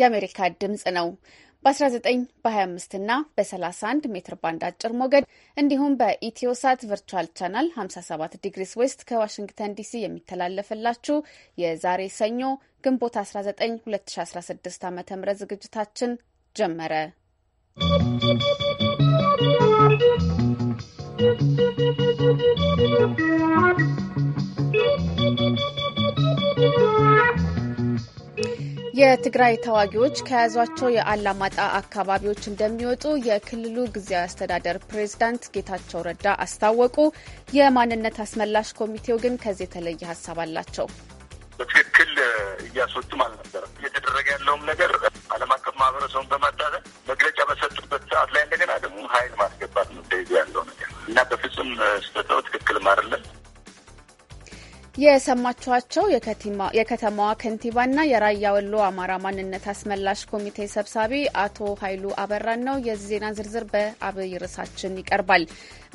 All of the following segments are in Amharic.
የአሜሪካ ድምፅ ነው። በ19 በ25 እና በ31 ሜትር ባንድ አጭር ሞገድ እንዲሁም በኢትዮሳት ቨርቹዋል ቻናል 57 ዲግሪስ ዌስት ከዋሽንግተን ዲሲ የሚተላለፍላችሁ የዛሬ ሰኞ ግንቦት 19 2016 ዓ ም ዝግጅታችን ጀመረ። ¶¶ የትግራይ ተዋጊዎች ከያዟቸው የአላማጣ አካባቢዎች እንደሚወጡ የክልሉ ጊዜያዊ አስተዳደር ፕሬዝዳንት ጌታቸው ረዳ አስታወቁ። የማንነት አስመላሽ ኮሚቴው ግን ከዚህ የተለየ ሀሳብ አላቸው። በትክክል እያስወጡም አልነበረም። እየተደረገ ያለውም ነገር ዓለም አቀፍ ማህበረሰቡን በማዳረግ መግለጫ በሰጡበት ሰዓት ላይ እንደገና ደግሞ ኃይል ማስገባት ነው ያለው ነገር እና በፍጹም ስህተት ትክክልም አይደለም። የሰማችኋቸው የከተማዋ ከንቲባና የራያ ወሎ አማራ ማንነት አስመላሽ ኮሚቴ ሰብሳቢ አቶ ኃይሉ አበራን ነው። የዚህ ዜና ዝርዝር በአብይ ርዕሳችን ይቀርባል።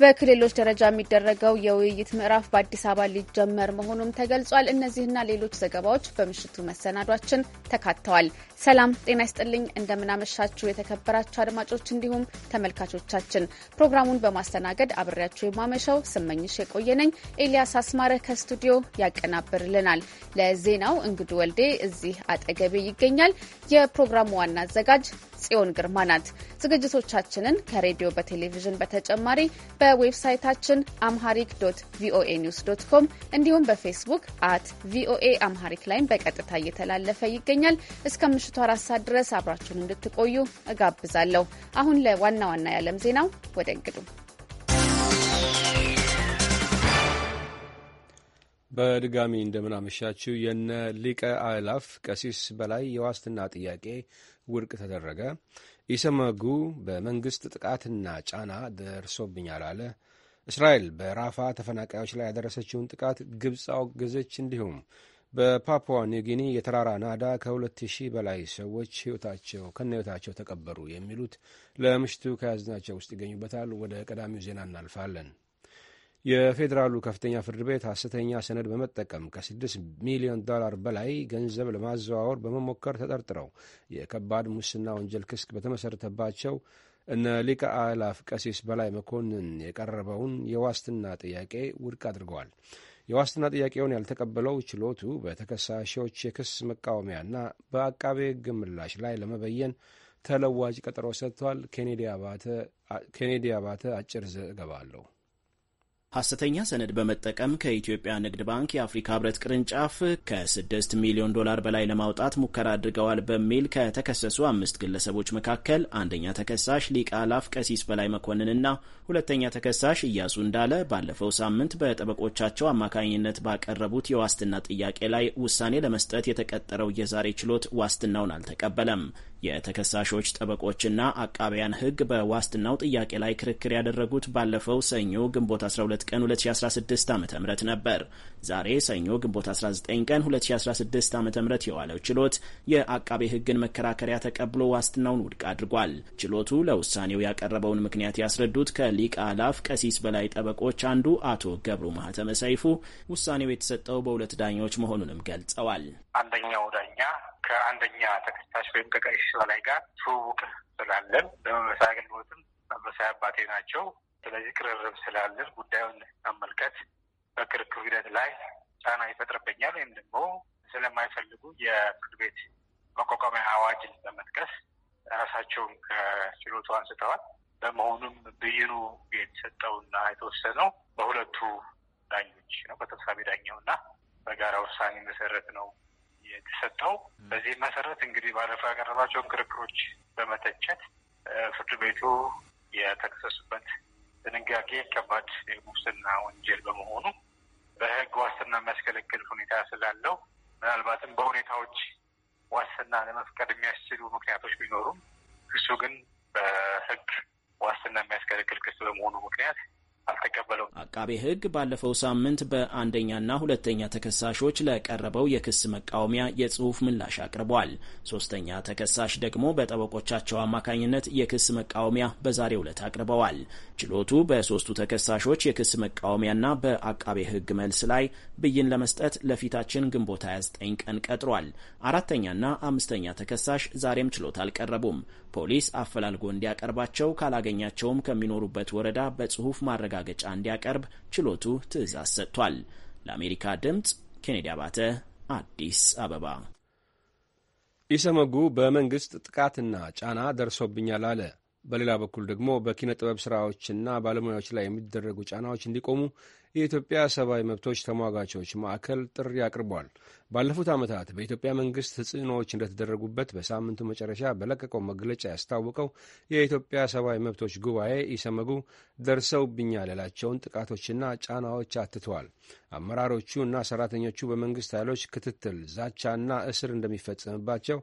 በክልሎች ደረጃ የሚደረገው የውይይት ምዕራፍ በአዲስ አበባ ሊጀመር መሆኑም ተገልጿል። እነዚህና ሌሎች ዘገባዎች በምሽቱ መሰናዷችን ተካተዋል። ሰላም ጤና ይስጥልኝ። እንደምናመሻችሁ የተከበራችሁ አድማጮች እንዲሁም ተመልካቾቻችን ፕሮግራሙን በማስተናገድ አብሬያችሁ የማመሸው ስመኝሽ የቆየነኝ። ኤልያስ አስማረ ከስቱዲዮ ያቀናብርልናል። ለዜናው እንግዱ ወልዴ እዚህ አጠገቤ ይገኛል። የፕሮግራሙ ዋና አዘጋጅ ጽዮን ግርማ ናት። ዝግጅቶቻችንን ከሬዲዮ በቴሌቪዥን በተጨማሪ በዌብሳይታችን አምሃሪክ ዶት ቪኦኤ ኒውስ ዶት ኮም እንዲሁም በፌስቡክ አት ቪኦኤ አምሃሪክ ላይም በቀጥታ እየተላለፈ ይገኛል። እስከ ምሽቱ አራት ሰዓት ድረስ አብራችሁን እንድትቆዩ እጋብዛለሁ። አሁን ለዋና ዋና የዓለም ዜናው ወደ እንግዱ በድጋሚ እንደምናመሻችው የነ ሊቀ አእላፍ ቀሲስ በላይ የዋስትና ጥያቄ ውድቅ ተደረገ። ኢሰመጉ በመንግስት ጥቃትና ጫና ደርሶብኛል አለ። እስራኤል በራፋ ተፈናቃዮች ላይ ያደረሰችውን ጥቃት ግብፅ አወገዘች። እንዲሁም በፓፑዋ ኒውጊኒ የተራራ ናዳ ከ2000 በላይ ሰዎች ህይወታቸው ከነ ህይወታቸው ተቀበሩ። የሚሉት ለምሽቱ ከያዝናቸው ውስጥ ይገኙበታል። ወደ ቀዳሚው ዜና እናልፋለን። የፌዴራሉ ከፍተኛ ፍርድ ቤት ሐሰተኛ ሰነድ በመጠቀም ከ6 ሚሊዮን ዶላር በላይ ገንዘብ ለማዘዋወር በመሞከር ተጠርጥረው የከባድ ሙስና ወንጀል ክስ በተመሠረተባቸው እነ ሊቀ አላፍ ቀሲስ በላይ መኮንን የቀረበውን የዋስትና ጥያቄ ውድቅ አድርገዋል። የዋስትና ጥያቄውን ያልተቀበለው ችሎቱ በተከሳሾች የክስ መቃወሚያና በአቃቤ ሕግ ምላሽ ላይ ለመበየን ተለዋጭ ቀጠሮ ሰጥቷል። ኬኔዲ አባተ አጭር ዘገባ አለው። ሐሰተኛ ሰነድ በመጠቀም ከኢትዮጵያ ንግድ ባንክ የአፍሪካ ህብረት ቅርንጫፍ ከ6 ሚሊዮን ዶላር በላይ ለማውጣት ሙከራ አድርገዋል በሚል ከተከሰሱ አምስት ግለሰቦች መካከል አንደኛ ተከሳሽ ሊቀ አላፍ ቀሲስ በላይ መኮንንና ሁለተኛ ተከሳሽ እያሱ እንዳለ ባለፈው ሳምንት በጠበቆቻቸው አማካኝነት ባቀረቡት የዋስትና ጥያቄ ላይ ውሳኔ ለመስጠት የተቀጠረው የዛሬ ችሎት ዋስትናውን አልተቀበለም። የተከሳሾች ጠበቆችና አቃቢያን ሕግ በዋስትናው ጥያቄ ላይ ክርክር ያደረጉት ባለፈው ሰኞ ግንቦት 12 ቀን 2016 ዓ ም ነበር። ዛሬ ሰኞ ግንቦት 19 ቀን 2016 ዓ ም የዋለው ችሎት የአቃቤ ሕግን መከራከሪያ ተቀብሎ ዋስትናውን ውድቅ አድርጓል። ችሎቱ ለውሳኔው ያቀረበውን ምክንያት ያስረዱት ከሊቀ አላፍ ቀሲስ በላይ ጠበቆች አንዱ አቶ ገብሩ ማህተመ ሰይፉ ውሳኔው የተሰጠው በሁለት ዳኞች መሆኑንም ገልጸዋል። አንደኛው ዳኛ ከአንደኛ ተከሳሽ ወይም ከቀሲስ በላይ ጋር ትውውቅ ስላለን በመመሳይ አገልግሎትም መመሳይ አባቴ ናቸው። ስለዚህ ቅርርብ ስላለን ጉዳዩን መመልከት በክርክሩ ሂደት ላይ ጫና ይፈጥርብኛል ወይም ደግሞ ስለማይፈልጉ የፍርድ ቤት መቋቋሚያ አዋጅን በመጥቀስ ራሳቸውን ከችሎቱ አንስተዋል። በመሆኑም ብይኑ የተሰጠውና የተወሰነው በሁለቱ ዳኞች ነው፣ በተሳቢ ዳኛው እና በጋራ ውሳኔ መሰረት ነው የተሰጠው። በዚህ መሰረት እንግዲህ ባለፈው ያቀረባቸውን ክርክሮች በመተቸት ፍርድ ቤቱ የተከሰሱበት ድንጋጌ ከባድ የሙስና ወንጀል በመሆኑ በሕግ ዋስትና የሚያስከለክል ሁኔታ ስላለው ምናልባትም በሁኔታዎች ዋስትና ለመፍቀድ የሚያስችሉ ምክንያቶች ቢኖሩም ክሱ ግን በሕግ ዋስትና የሚያስከለክል ክስ በመሆኑ ምክንያት አልተቀበለውም። አቃቤ ሕግ ባለፈው ሳምንት በአንደኛና ሁለተኛ ተከሳሾች ለቀረበው የክስ መቃወሚያ የጽሁፍ ምላሽ አቅርቧል። ሶስተኛ ተከሳሽ ደግሞ በጠበቆቻቸው አማካኝነት የክስ መቃወሚያ በዛሬው ዕለት አቅርበዋል። ችሎቱ በሶስቱ ተከሳሾች የክስ መቃወሚያና በአቃቤ ሕግ መልስ ላይ ብይን ለመስጠት ለፊታችን ግንቦት 29 ቀን ቀጥሯል። አራተኛና አምስተኛ ተከሳሽ ዛሬም ችሎት አልቀረቡም። ፖሊስ አፈላልጎ እንዲያቀርባቸው ካላገኛቸውም ከሚኖሩበት ወረዳ በጽሑፍ ማረጋገጫ እንዲያቀርብ ችሎቱ ትዕዛዝ ሰጥቷል። ለአሜሪካ ድምፅ ኬኔዲ አባተ አዲስ አበባ። ኢሰመጉ በመንግሥት ጥቃትና ጫና ደርሶብኛል አለ። በሌላ በኩል ደግሞ በኪነ ጥበብ ስራዎችና ባለሙያዎች ላይ የሚደረጉ ጫናዎች እንዲቆሙ የኢትዮጵያ ሰብአዊ መብቶች ተሟጋቾች ማዕከል ጥሪ አቅርቧል። ባለፉት ዓመታት በኢትዮጵያ መንግስት ተጽዕኖዎች እንደተደረጉበት በሳምንቱ መጨረሻ በለቀቀው መግለጫ ያስታወቀው የኢትዮጵያ ሰብአዊ መብቶች ጉባኤ ኢሰመጉ ደርሰውብኛል ያላቸውን ጥቃቶችና ጫናዎች አትተዋል። አመራሮቹ እና ሰራተኞቹ በመንግስት ኃይሎች ክትትል፣ ዛቻና እስር እንደሚፈጸምባቸው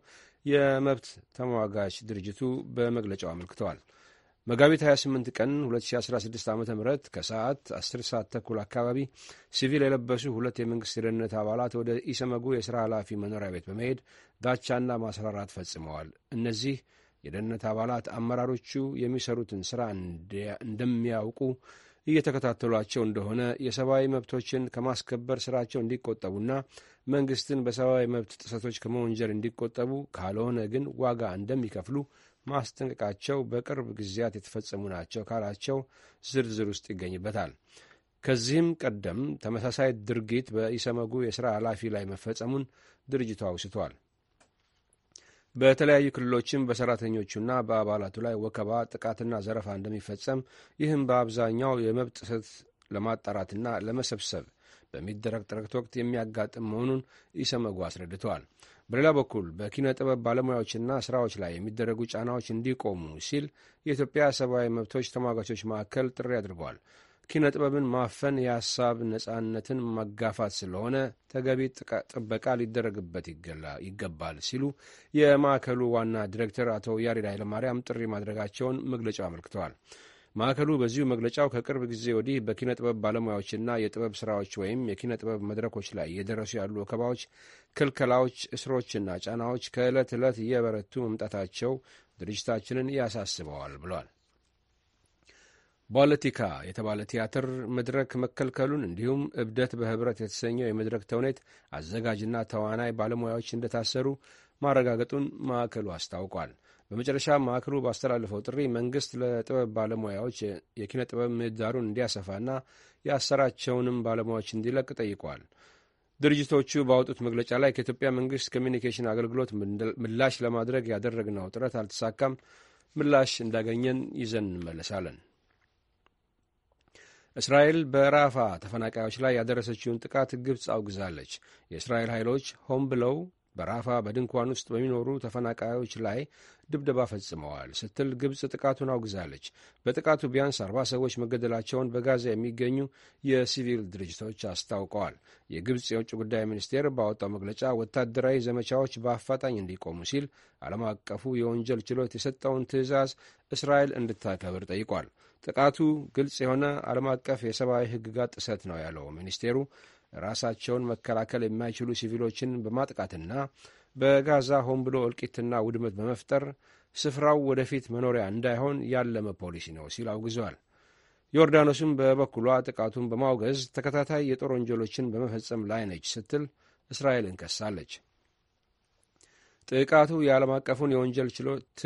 የመብት ተሟጋች ድርጅቱ በመግለጫው አመልክተዋል። መጋቢት 28 ቀን 2016 ዓ ም ከሰዓት 10 ሰዓት ተኩል አካባቢ ሲቪል የለበሱ ሁለት የመንግሥት የደህንነት አባላት ወደ ኢሰመጉ የሥራ ኃላፊ መኖሪያ ቤት በመሄድ ዳቻና ማስፈራራት ፈጽመዋል። እነዚህ የደህንነት አባላት አመራሮቹ የሚሰሩትን ሥራ እንደሚያውቁ እየተከታተሏቸው እንደሆነ የሰብአዊ መብቶችን ከማስከበር ስራቸው እንዲቆጠቡና መንግስትን በሰብአዊ መብት ጥሰቶች ከመወንጀር እንዲቆጠቡ ካልሆነ ግን ዋጋ እንደሚከፍሉ ማስጠንቀቃቸው በቅርብ ጊዜያት የተፈጸሙ ናቸው ካላቸው ዝርዝር ውስጥ ይገኝበታል። ከዚህም ቀደም ተመሳሳይ ድርጊት በኢሰመጉ የሥራ ኃላፊ ላይ መፈጸሙን ድርጅቱ አውስቷል። በተለያዩ ክልሎችም በሰራተኞቹና በአባላቱ ላይ ወከባ፣ ጥቃትና ዘረፋ እንደሚፈጸም ይህም በአብዛኛው የመብት ጥሰት ለማጣራትና ለመሰብሰብ በሚደረግ ጥረት ወቅት የሚያጋጥም መሆኑን ኢሰመጉ አስረድተዋል። በሌላ በኩል በኪነ ጥበብ ባለሙያዎችና ስራዎች ላይ የሚደረጉ ጫናዎች እንዲቆሙ ሲል የኢትዮጵያ ሰብአዊ መብቶች ተሟጋቾች ማዕከል ጥሪ አድርጓል። ኪነ ጥበብን ማፈን የሀሳብ ነጻነትን መጋፋት ስለሆነ ተገቢ ጥበቃ ሊደረግበት ይገባል ሲሉ የማዕከሉ ዋና ዲሬክተር አቶ ያሬድ ኃይለማርያም ጥሪ ማድረጋቸውን መግለጫው አመልክተዋል። ማዕከሉ በዚሁ መግለጫው ከቅርብ ጊዜ ወዲህ በኪነ ጥበብ ባለሙያዎችና የጥበብ ስራዎች ወይም የኪነ ጥበብ መድረኮች ላይ እየደረሱ ያሉ ወከባዎች፣ ክልከላዎች፣ እስሮችና ጫናዎች ከዕለት ዕለት እየበረቱ መምጣታቸው ድርጅታችንን ያሳስበዋል ብሏል። ፖለቲካ የተባለ ቲያትር መድረክ መከልከሉን እንዲሁም እብደት በህብረት የተሰኘው የመድረክ ተውኔት አዘጋጅና ተዋናይ ባለሙያዎች እንደታሰሩ ማረጋገጡን ማዕከሉ አስታውቋል። በመጨረሻ ማዕከሉ ባስተላለፈው ጥሪ መንግስት ለጥበብ ባለሙያዎች የኪነ ጥበብ ምህዳሩን እንዲያሰፋና ያሰራቸውንም ባለሙያዎች እንዲለቅ ጠይቋል። ድርጅቶቹ ባወጡት መግለጫ ላይ ከኢትዮጵያ መንግስት ኮሚኒኬሽን አገልግሎት ምላሽ ለማድረግ ያደረግነው ጥረት አልተሳካም። ምላሽ እንዳገኘን ይዘን እንመለሳለን። እስራኤል በራፋ ተፈናቃዮች ላይ ያደረሰችውን ጥቃት ግብፅ አውግዛለች። የእስራኤል ኃይሎች ሆን ብለው በራፋ በድንኳን ውስጥ በሚኖሩ ተፈናቃዮች ላይ ድብደባ ፈጽመዋል ስትል ግብፅ ጥቃቱን አውግዛለች። በጥቃቱ ቢያንስ አርባ ሰዎች መገደላቸውን በጋዛ የሚገኙ የሲቪል ድርጅቶች አስታውቀዋል። የግብፅ የውጭ ጉዳይ ሚኒስቴር ባወጣው መግለጫ ወታደራዊ ዘመቻዎች በአፋጣኝ እንዲቆሙ ሲል ዓለም አቀፉ የወንጀል ችሎት የሰጠውን ትዕዛዝ እስራኤል እንድታከብር ጠይቋል። ጥቃቱ ግልጽ የሆነ ዓለም አቀፍ የሰብአዊ ሕግጋት ጥሰት ነው ያለው ሚኒስቴሩ ራሳቸውን መከላከል የማይችሉ ሲቪሎችን በማጥቃትና በጋዛ ሆን ብሎ እልቂትና ውድመት በመፍጠር ስፍራው ወደፊት መኖሪያ እንዳይሆን ያለመ ፖሊሲ ነው ሲል አውግዘዋል። ዮርዳኖስም በበኩሏ ጥቃቱን በማውገዝ ተከታታይ የጦር ወንጀሎችን በመፈጸም ላይ ነች ስትል እስራኤልን ከሳለች። ጥቃቱ የዓለም አቀፉን የወንጀል ችሎት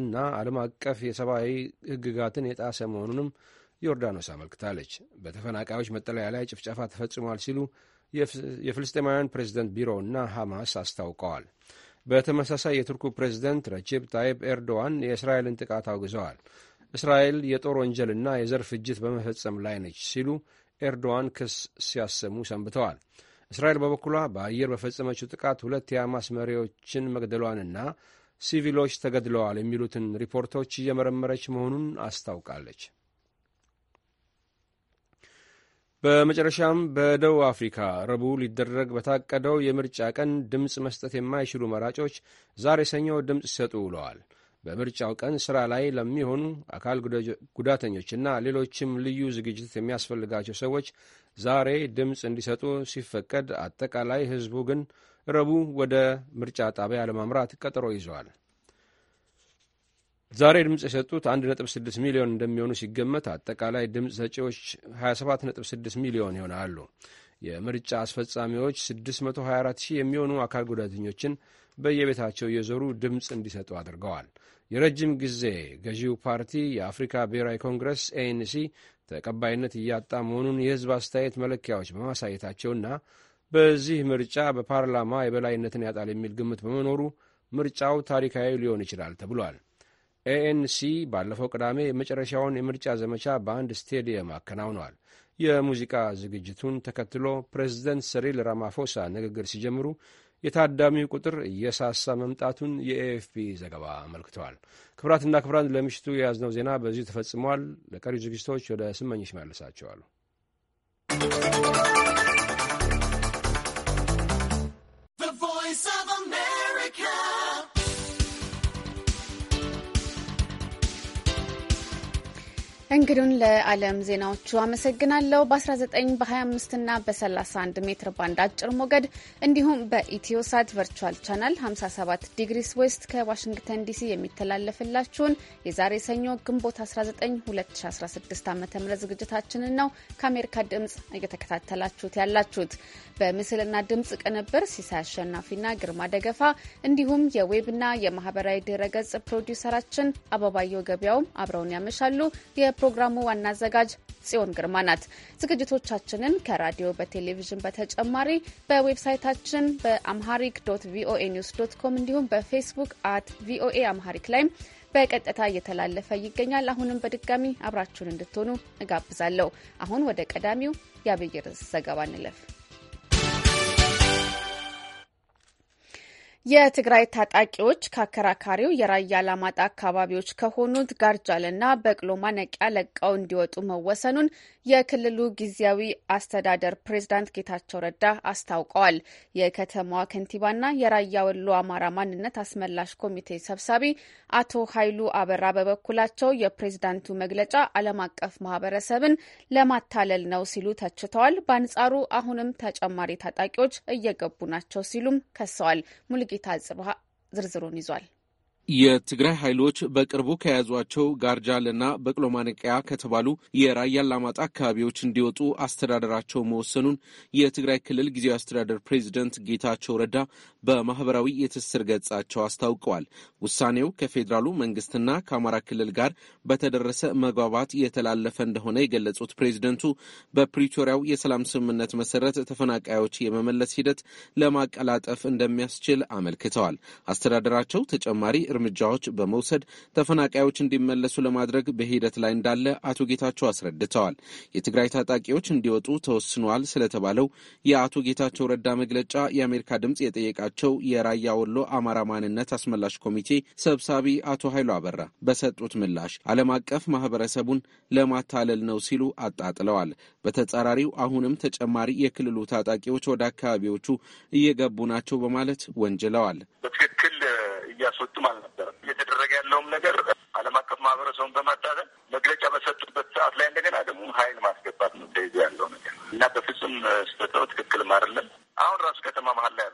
እና ዓለም አቀፍ የሰብአዊ ሕግጋትን የጣሰ መሆኑንም ዮርዳኖስ አመልክታለች። በተፈናቃዮች መጠለያ ላይ ጭፍጨፋ ተፈጽሟል ሲሉ የፍልስጤማውያን ፕሬዝደንት እና ሐማስ አስታውቀዋል። በተመሳሳይ የቱርኩ ፕሬዝደንት ረጀብ ታይብ ኤርዶዋን የእስራኤልን ጥቃት አውግዘዋል። እስራኤል የጦር ወንጀልና የዘር ፍጅት በመፈጸም ላይ ነች ሲሉ ኤርዶዋን ክስ ሲያሰሙ ሰንብተዋል። እስራኤል በበኩሏ በአየር በፈጸመችው ጥቃት ሁለት የሐማስ መሪዎችን መግደሏንና ሲቪሎች ተገድለዋል የሚሉትን ሪፖርቶች እየመረመረች መሆኑን አስታውቃለች። በመጨረሻም በደቡብ አፍሪካ ረቡዕ ሊደረግ በታቀደው የምርጫ ቀን ድምፅ መስጠት የማይችሉ መራጮች ዛሬ ሰኞ ድምፅ ሲሰጡ ውለዋል። በምርጫው ቀን ሥራ ላይ ለሚሆኑ አካል ጉዳተኞችና ሌሎችም ልዩ ዝግጅት የሚያስፈልጋቸው ሰዎች ዛሬ ድምፅ እንዲሰጡ ሲፈቀድ፣ አጠቃላይ ህዝቡ ግን ረቡዕ ወደ ምርጫ ጣቢያ ለማምራት ቀጠሮ ይዘዋል። ዛሬ ድምፅ የሰጡት 1.6 ሚሊዮን እንደሚሆኑ ሲገመት አጠቃላይ ድምፅ ሰጪዎች 27.6 ሚሊዮን ይሆናሉ። የምርጫ አስፈጻሚዎች 624 ሺህ የሚሆኑ አካል ጉዳተኞችን በየቤታቸው እየዞሩ ድምፅ እንዲሰጡ አድርገዋል። የረጅም ጊዜ ገዢው ፓርቲ የአፍሪካ ብሔራዊ ኮንግረስ ኤንሲ ተቀባይነት እያጣ መሆኑን የህዝብ አስተያየት መለኪያዎች በማሳየታቸውና በዚህ ምርጫ በፓርላማ የበላይነትን ያጣል የሚል ግምት በመኖሩ ምርጫው ታሪካዊ ሊሆን ይችላል ተብሏል። ኤኤንሲ ባለፈው ቅዳሜ የመጨረሻውን የምርጫ ዘመቻ በአንድ ስቴዲየም አከናውኗል። የሙዚቃ ዝግጅቱን ተከትሎ ፕሬዚደንት ሰሪል ራማፎሳ ንግግር ሲጀምሩ የታዳሚው ቁጥር እየሳሳ መምጣቱን የኤኤፍፒ ዘገባ አመልክተዋል። ክብራትና ክብራት ለምሽቱ የያዝነው ዜና በዚሁ ተፈጽሟል። ለቀሪ ዝግጅቶች ወደ ስመኝሽ መልሳቸዋሉ። እንግዲሁን ለዓለም ዜናዎቹ አመሰግናለሁ። በ19 በ25 እና በ31 ሜትር ባንድ አጭር ሞገድ እንዲሁም በኢትዮሳት ቨርቹዋል ቻናል 57 ዲግሪስ ዌስት ከዋሽንግተን ዲሲ የሚተላለፍላችሁን የዛሬ ሰኞ ግንቦት 19 2016 ዓ ም ዝግጅታችንን ነው ከአሜሪካ ድምፅ እየተከታተላችሁት ያላችሁት። በምስልና ድምፅ ቅንብር ሲሳይ አሸናፊና ግርማ ደገፋ እንዲሁም የዌብና የማህበራዊ ድረገጽ ፕሮዲውሰራችን አበባየው ገበያውም አብረውን ያመሻሉ። የፕሮግራሙ ዋና አዘጋጅ ጽዮን ግርማ ናት። ዝግጅቶቻችንን ከራዲዮ በቴሌቪዥን በተጨማሪ በዌብሳይታችን በአምሃሪክ ዶት ቪኦኤ ኒውስ ዶት ኮም እንዲሁም በፌስቡክ አት ቪኦኤ አምሃሪክ ላይም በቀጥታ እየተላለፈ ይገኛል። አሁንም በድጋሚ አብራችሁን እንድትሆኑ እጋብዛለሁ። አሁን ወደ ቀዳሚው የአብይ ርዕስ ዘገባ እንለፍ። የትግራይ ታጣቂዎች ከአከራካሪው የራያ አላማጣ አካባቢዎች ከሆኑት ጋርጃልና በቅሎ ማነቂያ ለቀው እንዲወጡ መወሰኑን የክልሉ ጊዜያዊ አስተዳደር ፕሬዝዳንት ጌታቸው ረዳ አስታውቀዋል። የከተማዋ ከንቲባና የራያ ወሎ አማራ ማንነት አስመላሽ ኮሚቴ ሰብሳቢ አቶ ኃይሉ አበራ በበኩላቸው የፕሬዝዳንቱ መግለጫ ዓለም አቀፍ ማህበረሰብን ለማታለል ነው ሲሉ ተችተዋል። በአንጻሩ አሁንም ተጨማሪ ታጣቂዎች እየገቡ ናቸው ሲሉም ከሰዋል። ሙልጌታ ጽብሃ ዝርዝሩን ይዟል። የትግራይ ኃይሎች በቅርቡ ከያዟቸው ጋርጃልና በቅሎ ማነቂያ ከተባሉ የራያ አላማጣ አካባቢዎች እንዲወጡ አስተዳደራቸው መወሰኑን የትግራይ ክልል ጊዜያዊ አስተዳደር ፕሬዚደንት ጌታቸው ረዳ በማህበራዊ የትስስር ገጻቸው አስታውቀዋል። ውሳኔው ከፌዴራሉ መንግስትና ከአማራ ክልል ጋር በተደረሰ መግባባት የተላለፈ እንደሆነ የገለጹት ፕሬዚደንቱ በፕሪቶሪያው የሰላም ስምምነት መሰረት ተፈናቃዮች የመመለስ ሂደት ለማቀላጠፍ እንደሚያስችል አመልክተዋል። አስተዳደራቸው ተጨማሪ እርምጃዎች በመውሰድ ተፈናቃዮች እንዲመለሱ ለማድረግ በሂደት ላይ እንዳለ አቶ ጌታቸው አስረድተዋል። የትግራይ ታጣቂዎች እንዲወጡ ተወስኗል ስለተባለው የአቶ ጌታቸው ረዳ መግለጫ የአሜሪካ ድምፅ የጠየቃቸው የራያ ወሎ አማራ ማንነት አስመላሽ ኮሚቴ ሰብሳቢ አቶ ኃይሉ አበራ በሰጡት ምላሽ ዓለም አቀፍ ማህበረሰቡን ለማታለል ነው ሲሉ አጣጥለዋል። በተጻራሪው አሁንም ተጨማሪ የክልሉ ታጣቂዎች ወደ አካባቢዎቹ እየገቡ ናቸው በማለት ወንጅለዋል። በትክክል እያስወጡም አልነበረም። እየተደረገ ያለውም ነገር ዓለም አቀፍ ማህበረሰቡን በማታዘን መግለጫ በሰጡበት ሰዓት ላይ እንደገና ደግሞ ኃይል ማስገባት ነው ተይዞ ያለው ነገር እና በፍጹም ስህተት ትክክልም አይደለም። አሁን ራሱ ከተማ መሀል ላይ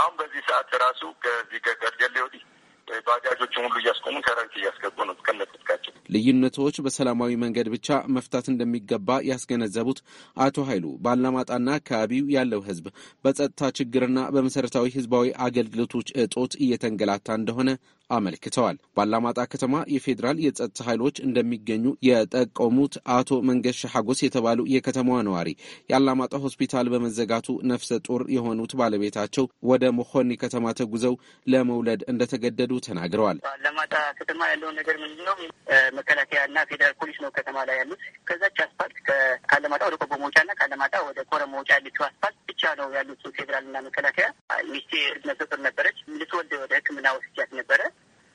አሁን በዚህ ሰዓት ራሱ ከዚህ ከቀርጀሌ ወዲህ ባጃጆችን ሁሉ እያስቆሙ ከረንት እያስገቡ ነው ከነትጥቃቸው። ልዩነቶች በሰላማዊ መንገድ ብቻ መፍታት እንደሚገባ ያስገነዘቡት አቶ ኃይሉ በአላማጣና አካባቢው ያለው ህዝብ በጸጥታ ችግርና በመሰረታዊ ህዝባዊ አገልግሎቶች እጦት እየተንገላታ እንደሆነ አመልክተዋል። ባላማጣ ከተማ የፌዴራል የጸጥታ ኃይሎች እንደሚገኙ የጠቀሙት አቶ መንገሽ ሐጎስ የተባሉ የከተማዋ ነዋሪ የአላማጣ ሆስፒታል በመዘጋቱ ነፍሰ ጡር የሆኑት ባለቤታቸው ወደ መሆኒ ከተማ ተጉዘው ለመውለድ እንደተገደዱ ተናግረዋል። ባላማጣ ከተማ ያለው ነገር ምንድነው? መከላከያና ፌዴራል ፖሊስ ነው ከተማ ላይ ያሉት። ከዛች አስፋልት ከአላማጣ ወደ ቆቦ መውጫና ከአላማጣ ወደ ኮረ መውጫ ያለችው አስፋልት ብቻ ነው ያሉት ፌዴራልና መከላከያ። ሚስቴ ነፍሰ ጡር ነበረች። ልትወልድ ወደ ሕክምና ወስጃት ነበረ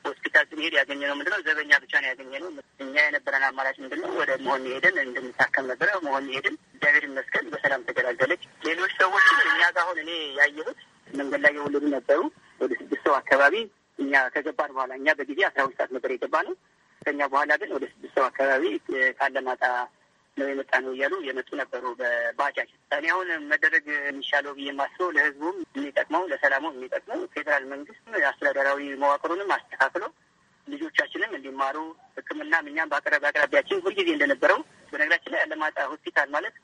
ሆስፒታል ስንሄድ ያገኘ ነው ምንድነው ዘበኛ ብቻ ነው ያገኘ ነው። እኛ የነበረን አማራጭ ምንድነው ወደ መሆን ሄደን እንድንታከም ነበረ። መሆን ሄድን። እግዚአብሔር ይመስገን በሰላም ተገላገለች። ሌሎች ሰዎች እኛ ጋር አሁን እኔ ያየሁት መንገድ ላይ የወለዱ ነበሩ ወደ ስድስት ሰው አካባቢ እኛ ከገባን በኋላ እኛ በጊዜ አስራ ሁለት ሰዓት ነበር የገባ ነው። ከኛ በኋላ ግን ወደ ስድስት ሰው አካባቢ ካለማጣ ነው የመጣ ነው እያሉ የመጡ ነበሩ በባጃጅ። እኔ አሁን መደረግ የሚሻለው ብዬ ማስበው ለህዝቡም የሚጠቅመው ለሰላሙ የሚጠቅመው ፌዴራል መንግስት አስተዳደራዊ መዋቅሩንም አስተካክሎ ልጆቻችንም እንዲማሩ ሕክምናም እኛም በአቅራቢያችን ሁልጊዜ እንደነበረው በነገራችን ላይ አለማጣ ሆስፒታል ማለት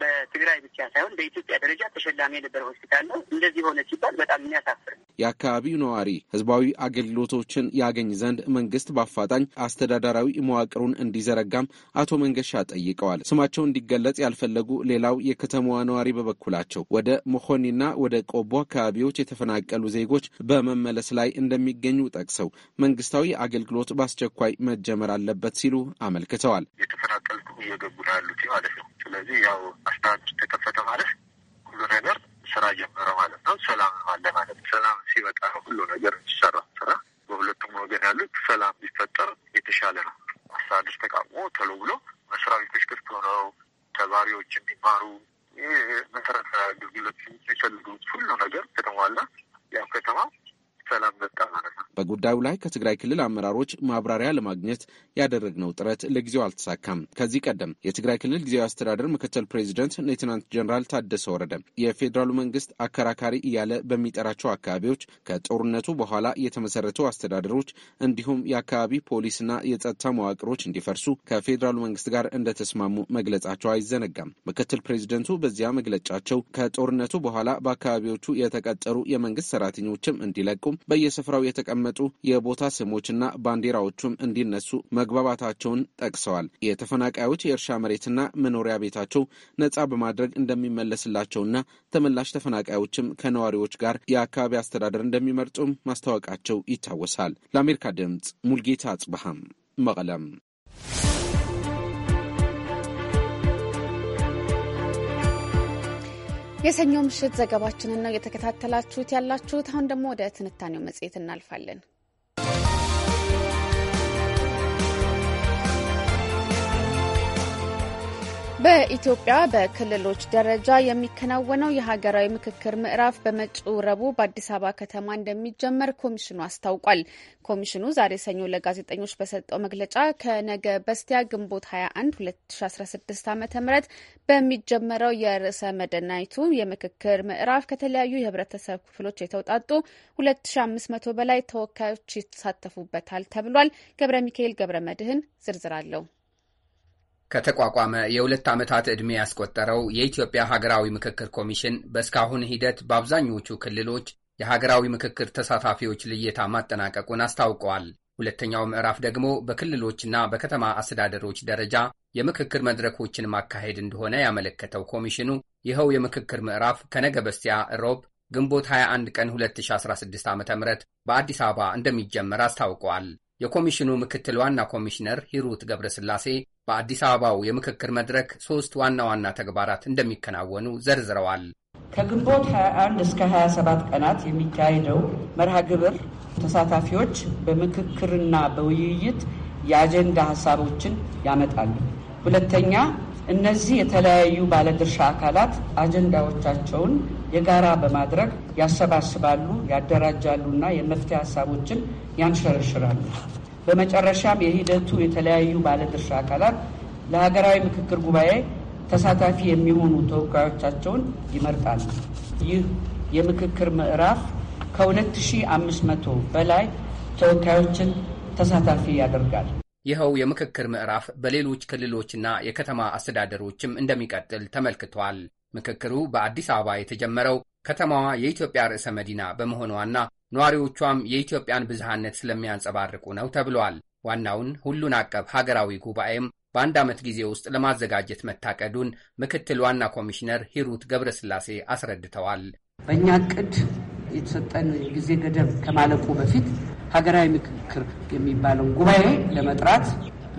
በትግራይ ብቻ ሳይሆን በኢትዮጵያ ደረጃ ተሸላሚ የነበረ ሆስፒታል ነው። እንደዚህ ሆነ ሲባል በጣም የሚያሳፍር ነው። የአካባቢው ነዋሪ ህዝባዊ አገልግሎቶችን ያገኝ ዘንድ መንግስት በአፋጣኝ አስተዳደራዊ መዋቅሩን እንዲዘረጋም አቶ መንገሻ ጠይቀዋል። ስማቸው እንዲገለጽ ያልፈለጉ ሌላው የከተማዋ ነዋሪ በበኩላቸው ወደ መሆኒና ወደ ቆቦ አካባቢዎች የተፈናቀሉ ዜጎች በመመለስ ላይ እንደሚገኙ ጠቅሰው መንግስታዊ አገልግሎት በአስቸኳይ መጀመር አለበት ሲሉ አመልክተዋል። የተፈናቀሉት እየገቡ ነው ያሉት ማለት ነው ስለዚህ ያው አስተዳደር ተከፈተ ማለት ሁሉ ነገር ስራ ጀመረ ማለት ነው። ሰላም አለ ማለት ነው። ሰላም ሲመጣ ነው ሁሉ ነገር የሚሰራ ስራ በሁለቱም ወገን ያሉት ሰላም ቢፈጠር የተሻለ ነው። አስተዳደር ተቃቅሞ ተሎ ብሎ መስሪያ ቤቶች ክፍት ሆነው ተማሪዎች የሚማሩ መሰረተ አገልግሎት የሚፈልጉት ሁሉ ነገር ከተሟላ ያው ከተማ ሰላም መጣ ማለት ነው። በጉዳዩ ላይ ከትግራይ ክልል አመራሮች ማብራሪያ ለማግኘት ያደረግነው ጥረት ለጊዜው አልተሳካም። ከዚህ ቀደም የትግራይ ክልል ጊዜያዊ አስተዳደር ምክትል ፕሬዚደንት ሌትናንት ጀኔራል ታደሰ ወረደ የፌዴራሉ መንግስት አከራካሪ እያለ በሚጠራቸው አካባቢዎች ከጦርነቱ በኋላ የተመሰረቱ አስተዳደሮች እንዲሁም የአካባቢ ፖሊስና የጸጥታ መዋቅሮች እንዲፈርሱ ከፌዴራሉ መንግስት ጋር እንደተስማሙ መግለጻቸው አይዘነጋም። ምክትል ፕሬዚደንቱ በዚያ መግለጫቸው ከጦርነቱ በኋላ በአካባቢዎቹ የተቀጠሩ የመንግስት ሰራተኞችም እንዲለቁም በየስፍራው የተቀመጡ የቦታ ስሞችና ባንዲራዎቹም እንዲነሱ መግባባታቸውን ጠቅሰዋል። የተፈናቃዮች የእርሻ መሬትና መኖሪያ ቤታቸው ነጻ በማድረግ እንደሚመለስላቸውና ተመላሽ ተፈናቃዮችም ከነዋሪዎች ጋር የአካባቢ አስተዳደር እንደሚመርጡም ማስታወቃቸው ይታወሳል። ለአሜሪካ ድምፅ ሙልጌታ አጽበሃም መቀለም የሰኞ ምሽት ዘገባችንን ነው እየተከታተላችሁት ያላችሁት። አሁን ደግሞ ወደ ትንታኔው መጽሔት እናልፋለን። በኢትዮጵያ በክልሎች ደረጃ የሚከናወነው የሀገራዊ ምክክር ምዕራፍ በመጪው ረቡዕ በአዲስ አበባ ከተማ እንደሚጀመር ኮሚሽኑ አስታውቋል። ኮሚሽኑ ዛሬ ሰኞ ለጋዜጠኞች በሰጠው መግለጫ ከነገ በስቲያ ግንቦት 21 2016 ዓ ም በሚጀመረው የርዕሰ መዲናይቱ የምክክር ምዕራፍ ከተለያዩ የህብረተሰብ ክፍሎች የተውጣጡ 2500 በላይ ተወካዮች ይሳተፉበታል ተብሏል። ገብረ ሚካኤል ገብረ መድህን ዝርዝር አለው። ከተቋቋመ የሁለት ዓመታት ዕድሜ ያስቆጠረው የኢትዮጵያ ሀገራዊ ምክክር ኮሚሽን በእስካሁን ሂደት በአብዛኞቹ ክልሎች የሀገራዊ ምክክር ተሳታፊዎች ልየታ ማጠናቀቁን አስታውቀዋል። ሁለተኛው ምዕራፍ ደግሞ በክልሎችና በከተማ አስተዳደሮች ደረጃ የምክክር መድረኮችን ማካሄድ እንደሆነ ያመለከተው ኮሚሽኑ ይኸው የምክክር ምዕራፍ ከነገ በስቲያ ሮብ ግንቦት 21 ቀን 2016 ዓ ም በአዲስ አበባ እንደሚጀመር አስታውቀዋል። የኮሚሽኑ ምክትል ዋና ኮሚሽነር ሂሩት ገብረስላሴ በአዲስ አበባው የምክክር መድረክ ሶስት ዋና ዋና ተግባራት እንደሚከናወኑ ዘርዝረዋል። ከግንቦት 21 እስከ 27 ቀናት የሚካሄደው መርሃ ግብር ተሳታፊዎች በምክክርና በውይይት የአጀንዳ ሀሳቦችን ያመጣሉ። ሁለተኛ እነዚህ የተለያዩ ባለድርሻ አካላት አጀንዳዎቻቸውን የጋራ በማድረግ ያሰባስባሉ፣ ያደራጃሉ እና የመፍትሄ ሀሳቦችን ያንሸረሽራሉ። በመጨረሻም የሂደቱ የተለያዩ ባለድርሻ አካላት ለሀገራዊ ምክክር ጉባኤ ተሳታፊ የሚሆኑ ተወካዮቻቸውን ይመርጣሉ። ይህ የምክክር ምዕራፍ ከ2500 በላይ ተወካዮችን ተሳታፊ ያደርጋል። ይኸው የምክክር ምዕራፍ በሌሎች ክልሎችና የከተማ አስተዳደሮችም እንደሚቀጥል ተመልክቷል። ምክክሩ በአዲስ አበባ የተጀመረው ከተማዋ የኢትዮጵያ ርዕሰ መዲና በመሆኗና ነዋሪዎቿም የኢትዮጵያን ብዝሃነት ስለሚያንጸባርቁ ነው ተብሏል። ዋናውን ሁሉን አቀፍ ሀገራዊ ጉባኤም በአንድ ዓመት ጊዜ ውስጥ ለማዘጋጀት መታቀዱን ምክትል ዋና ኮሚሽነር ሂሩት ገብረስላሴ አስረድተዋል። በእኛ እቅድ የተሰጠን ጊዜ ገደብ ከማለቁ በፊት ሀገራዊ ምክክር የሚባለውን ጉባኤ ለመጥራት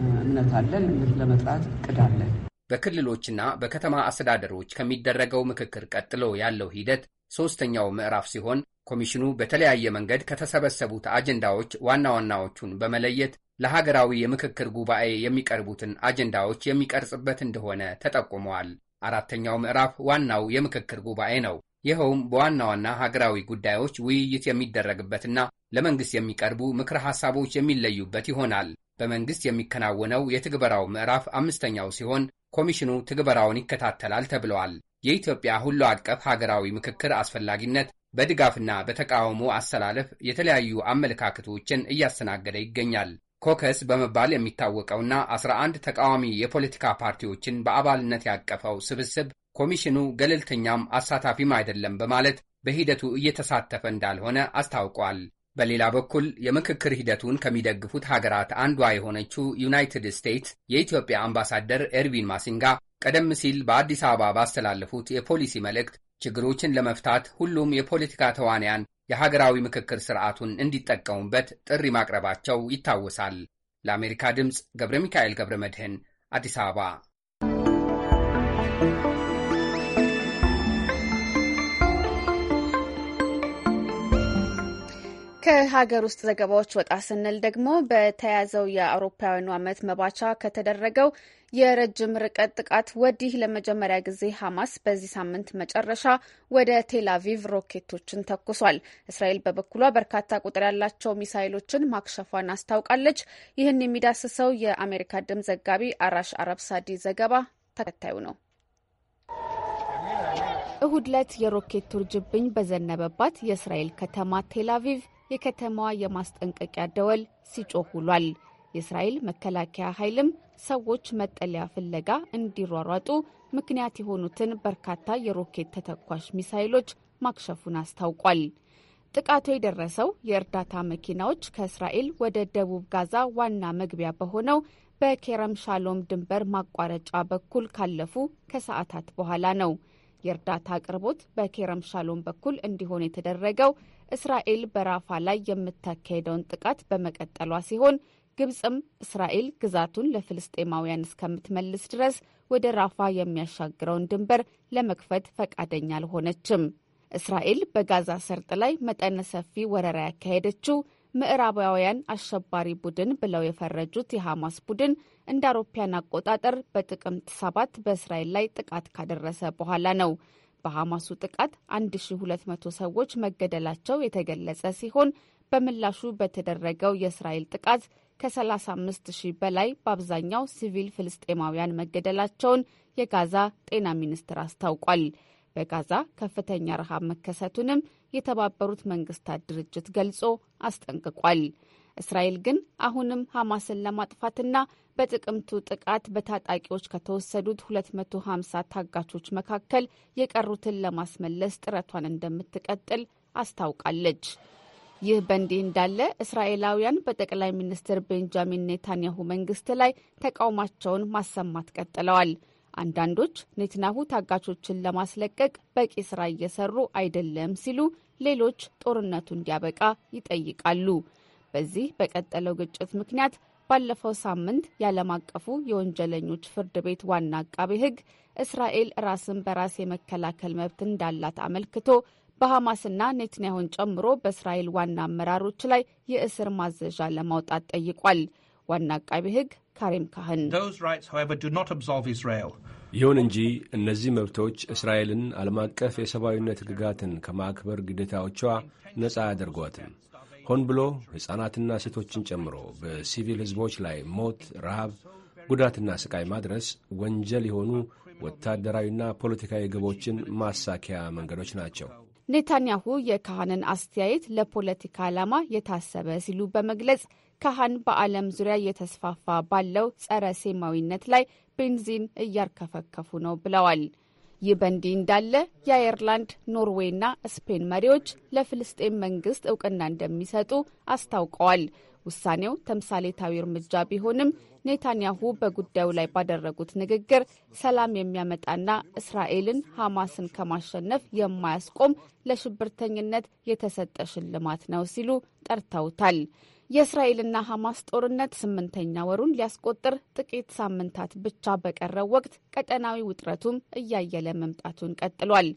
እምነት አለን፣ ለመጥራት እቅድ አለን። በክልሎችና በከተማ አስተዳደሮች ከሚደረገው ምክክር ቀጥሎ ያለው ሂደት ሶስተኛው ምዕራፍ ሲሆን ኮሚሽኑ በተለያየ መንገድ ከተሰበሰቡት አጀንዳዎች ዋና ዋናዎቹን በመለየት ለሀገራዊ የምክክር ጉባኤ የሚቀርቡትን አጀንዳዎች የሚቀርጽበት እንደሆነ ተጠቁመዋል። አራተኛው ምዕራፍ ዋናው የምክክር ጉባኤ ነው። ይኸውም በዋና ዋና ሀገራዊ ጉዳዮች ውይይት የሚደረግበትና ለመንግሥት የሚቀርቡ ምክረ ሐሳቦች የሚለዩበት ይሆናል። በመንግሥት የሚከናወነው የትግበራው ምዕራፍ አምስተኛው ሲሆን ኮሚሽኑ ትግበራውን ይከታተላል ተብለዋል። የኢትዮጵያ ሁሉ አቀፍ ሀገራዊ ምክክር አስፈላጊነት በድጋፍና በተቃውሞ አሰላለፍ የተለያዩ አመለካከቶችን እያስተናገደ ይገኛል። ኮከስ በመባል የሚታወቀውና 11 ተቃዋሚ የፖለቲካ ፓርቲዎችን በአባልነት ያቀፈው ስብስብ ኮሚሽኑ ገለልተኛም አሳታፊም አይደለም በማለት በሂደቱ እየተሳተፈ እንዳልሆነ አስታውቋል። በሌላ በኩል የምክክር ሂደቱን ከሚደግፉት ሀገራት አንዷ የሆነችው ዩናይትድ ስቴትስ የኢትዮጵያ አምባሳደር ኤርቪን ማሲንጋ ቀደም ሲል በአዲስ አበባ ባስተላለፉት የፖሊሲ መልእክት ችግሮችን ለመፍታት ሁሉም የፖለቲካ ተዋንያን የሀገራዊ ምክክር ስርዓቱን እንዲጠቀሙበት ጥሪ ማቅረባቸው ይታወሳል። ለአሜሪካ ድምፅ ገብረ ሚካኤል ገብረ መድህን አዲስ አበባ ከሀገር ውስጥ ዘገባዎች ወጣ ስንል ደግሞ በተያዘው የአውሮፓውያኑ ዓመት መባቻ ከተደረገው የረጅም ርቀት ጥቃት ወዲህ ለመጀመሪያ ጊዜ ሐማስ በዚህ ሳምንት መጨረሻ ወደ ቴላቪቭ ሮኬቶችን ተኩሷል። እስራኤል በበኩሏ በርካታ ቁጥር ያላቸው ሚሳይሎችን ማክሸፏን አስታውቃለች። ይህን የሚዳስሰው የአሜሪካ ድምፅ ዘጋቢ አራሽ አረብ ሳዲ ዘገባ ተከታዩ ነው። እሁድ ዕለት የሮኬት ውርጅብኝ በዘነበባት የእስራኤል ከተማ ቴላቪቭ የከተማዋ የማስጠንቀቂያ ደወል ሲጮህ ውሏል። የእስራኤል መከላከያ ኃይልም ሰዎች መጠለያ ፍለጋ እንዲሯሯጡ ምክንያት የሆኑትን በርካታ የሮኬት ተተኳሽ ሚሳይሎች ማክሸፉን አስታውቋል። ጥቃቱ የደረሰው የእርዳታ መኪናዎች ከእስራኤል ወደ ደቡብ ጋዛ ዋና መግቢያ በሆነው በኬረም ሻሎም ድንበር ማቋረጫ በኩል ካለፉ ከሰዓታት በኋላ ነው። የእርዳታ አቅርቦት በኬረም ሻሎም በኩል እንዲሆን የተደረገው እስራኤል በራፋ ላይ የምታካሄደውን ጥቃት በመቀጠሏ ሲሆን ግብፅም እስራኤል ግዛቱን ለፍልስጤማውያን እስከምትመልስ ድረስ ወደ ራፋ የሚያሻግረውን ድንበር ለመክፈት ፈቃደኛ አልሆነችም። እስራኤል በጋዛ ሰርጥ ላይ መጠነ ሰፊ ወረራ ያካሄደችው ምዕራባውያን አሸባሪ ቡድን ብለው የፈረጁት የሐማስ ቡድን እንደ አውሮፓያን አቆጣጠር በጥቅምት ሰባት በእስራኤል ላይ ጥቃት ካደረሰ በኋላ ነው። በሐማሱ ጥቃት 1200 ሰዎች መገደላቸው የተገለጸ ሲሆን በምላሹ በተደረገው የእስራኤል ጥቃት ከ35 ሺህ በላይ በአብዛኛው ሲቪል ፍልስጤማውያን መገደላቸውን የጋዛ ጤና ሚኒስቴር አስታውቋል። በጋዛ ከፍተኛ ረሃብ መከሰቱንም የተባበሩት መንግስታት ድርጅት ገልጾ አስጠንቅቋል። እስራኤል ግን አሁንም ሐማስን ለማጥፋትና በጥቅምቱ ጥቃት በታጣቂዎች ከተወሰዱት 250 ታጋቾች መካከል የቀሩትን ለማስመለስ ጥረቷን እንደምትቀጥል አስታውቃለች። ይህ በእንዲህ እንዳለ እስራኤላውያን በጠቅላይ ሚኒስትር ቤንጃሚን ኔታንያሁ መንግስት ላይ ተቃውሟቸውን ማሰማት ቀጥለዋል። አንዳንዶች ኔትናሁ ታጋቾችን ለማስለቀቅ በቂ ስራ እየሰሩ አይደለም ሲሉ፣ ሌሎች ጦርነቱ እንዲያበቃ ይጠይቃሉ። በዚህ በቀጠለው ግጭት ምክንያት ባለፈው ሳምንት የዓለም አቀፉ የወንጀለኞች ፍርድ ቤት ዋና አቃቤ ሕግ እስራኤል ራስን በራስ የመከላከል መብት እንዳላት አመልክቶ በሐማስና ኔትንያሁን ጨምሮ በእስራኤል ዋና አመራሮች ላይ የእስር ማዘዣ ለማውጣት ጠይቋል። ዋና አቃቤ ሕግ ካሪም ካህን ይሁን እንጂ እነዚህ መብቶች እስራኤልን ዓለም አቀፍ የሰብአዊነት ሕግጋትን ከማክበር ግዴታዎቿ ነፃ አያደርጓትም። ሆን ብሎ ሕፃናትና ሴቶችን ጨምሮ በሲቪል ሕዝቦች ላይ ሞት፣ ረሃብ፣ ጉዳትና ሥቃይ ማድረስ ወንጀል የሆኑ ወታደራዊና ፖለቲካዊ ግቦችን ማሳኪያ መንገዶች ናቸው። ኔታንያሁ የካህንን አስተያየት ለፖለቲካ ዓላማ የታሰበ ሲሉ በመግለጽ ካህን በዓለም ዙሪያ እየተስፋፋ ባለው ጸረ ሴማዊነት ላይ ቤንዚን እያርከፈከፉ ነው ብለዋል። ይህ በእንዲህ እንዳለ የአየርላንድ ኖርዌይና ስፔን መሪዎች ለፍልስጤን መንግስት እውቅና እንደሚሰጡ አስታውቀዋል። ውሳኔው ተምሳሌታዊ እርምጃ ቢሆንም ኔታንያሁ በጉዳዩ ላይ ባደረጉት ንግግር ሰላም የሚያመጣና እስራኤልን ሐማስን ከማሸነፍ የማያስቆም ለሽብርተኝነት የተሰጠ ሽልማት ነው ሲሉ ጠርተውታል። የእስራኤልና ሐማስ ጦርነት ስምንተኛ ወሩን ሊያስቆጥር ጥቂት ሳምንታት ብቻ በቀረው ወቅት ቀጠናዊ ውጥረቱም እያየለ መምጣቱን ቀጥሏል።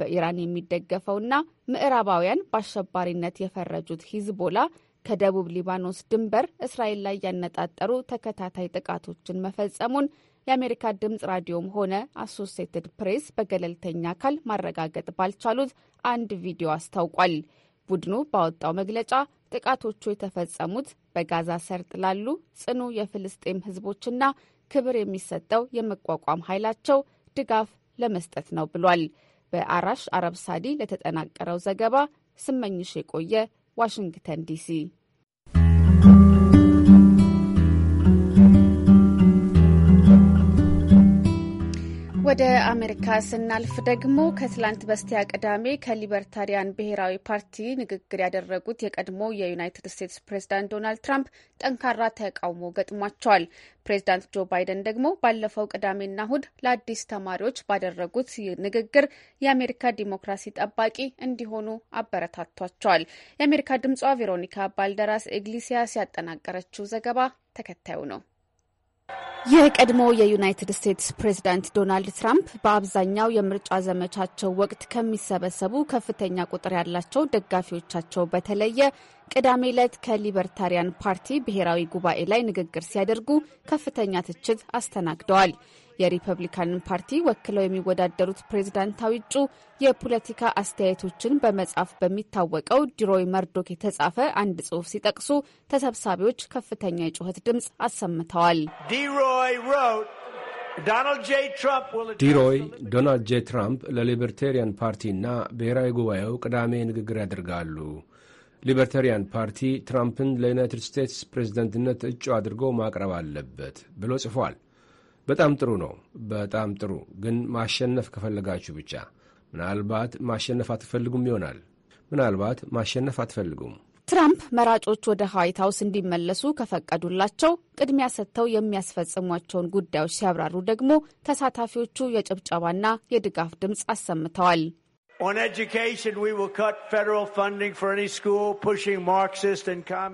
በኢራን የሚደገፈውና ምዕራባውያን በአሸባሪነት የፈረጁት ሂዝቦላ ከደቡብ ሊባኖስ ድንበር እስራኤል ላይ ያነጣጠሩ ተከታታይ ጥቃቶችን መፈጸሙን የአሜሪካ ድምፅ ራዲዮም ሆነ አሶሴትድ ፕሬስ በገለልተኛ አካል ማረጋገጥ ባልቻሉት አንድ ቪዲዮ አስታውቋል። ቡድኑ ባወጣው መግለጫ ጥቃቶቹ የተፈጸሙት በጋዛ ሰርጥ ላሉ ጽኑ የፍልስጤም ህዝቦችና ክብር የሚሰጠው የመቋቋም ኃይላቸው ድጋፍ ለመስጠት ነው ብሏል። በአራሽ አረብ ሳዲ ለተጠናቀረው ዘገባ ስመኝሽ የቆየ ዋሽንግተን ዲሲ ወደ አሜሪካ ስናልፍ ደግሞ ከትላንት በስቲያ ቅዳሜ ከሊበርታሪያን ብሔራዊ ፓርቲ ንግግር ያደረጉት የቀድሞ የዩናይትድ ስቴትስ ፕሬዝዳንት ዶናልድ ትራምፕ ጠንካራ ተቃውሞ ገጥሟቸዋል። ፕሬዝዳንት ጆ ባይደን ደግሞ ባለፈው ቅዳሜና እሁድ ለአዲስ ተማሪዎች ባደረጉት ንግግር የአሜሪካ ዲሞክራሲ ጠባቂ እንዲሆኑ አበረታቷቸዋል። የአሜሪካ ድምጿ ቬሮኒካ ባልደራስ ኢግሊሲያስ ያጠናቀረችው ዘገባ ተከታዩ ነው። የቀድሞ የዩናይትድ ስቴትስ ፕሬዝዳንት ዶናልድ ትራምፕ በአብዛኛው የምርጫ ዘመቻቸው ወቅት ከሚሰበሰቡ ከፍተኛ ቁጥር ያላቸው ደጋፊዎቻቸው በተለየ ቅዳሜ ዕለት ከሊበርታሪያን ፓርቲ ብሔራዊ ጉባኤ ላይ ንግግር ሲያደርጉ ከፍተኛ ትችት አስተናግደዋል። የሪፐብሊካንን ፓርቲ ወክለው የሚወዳደሩት ፕሬዚዳንታዊ እጩ የፖለቲካ አስተያየቶችን በመጻፍ በሚታወቀው ዲሮይ መርዶክ የተጻፈ አንድ ጽሑፍ ሲጠቅሱ ተሰብሳቢዎች ከፍተኛ የጩኸት ድምፅ አሰምተዋል። ዲሮይ ዶናልድ ጄ ትራምፕ ለሊበርቴሪያን ፓርቲና ብሔራዊ ጉባኤው ቅዳሜ ንግግር ያደርጋሉ። ሊበርታሪያን ፓርቲ ትራምፕን ለዩናይትድ ስቴትስ ፕሬዝደንትነት እጩ አድርጎ ማቅረብ አለበት ብሎ ጽፏል። በጣም ጥሩ ነው። በጣም ጥሩ ግን ማሸነፍ ከፈለጋችሁ ብቻ። ምናልባት ማሸነፍ አትፈልጉም ይሆናል። ምናልባት ማሸነፍ አትፈልጉም። ትራምፕ መራጮች ወደ ዋይት ሀውስ እንዲመለሱ ከፈቀዱላቸው ቅድሚያ ሰጥተው የሚያስፈጽሟቸውን ጉዳዮች ሲያብራሩ ደግሞ ተሳታፊዎቹ የጭብጨባና የድጋፍ ድምፅ አሰምተዋል።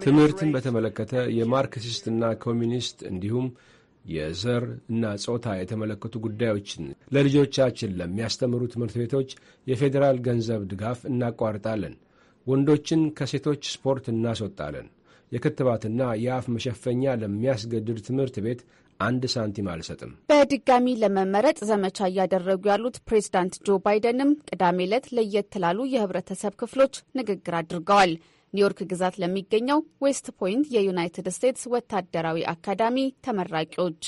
ትምህርትን በተመለከተ የማርክሲስትና ኮሚኒስት እንዲሁም የዘር እና ጾታ የተመለከቱ ጉዳዮችን ለልጆቻችን ለሚያስተምሩ ትምህርት ቤቶች የፌዴራል ገንዘብ ድጋፍ እናቋርጣለን። ወንዶችን ከሴቶች ስፖርት እናስወጣለን። የክትባትና የአፍ መሸፈኛ ለሚያስገድድ ትምህርት ቤት አንድ ሳንቲም አልሰጥም። በድጋሚ ለመመረጥ ዘመቻ እያደረጉ ያሉት ፕሬዚዳንት ጆ ባይደንም ቅዳሜ ዕለት ለየት ላሉ የህብረተሰብ ክፍሎች ንግግር አድርገዋል። ኒውዮርክ ግዛት ለሚገኘው ዌስት ፖይንት የዩናይትድ ስቴትስ ወታደራዊ አካዳሚ ተመራቂዎች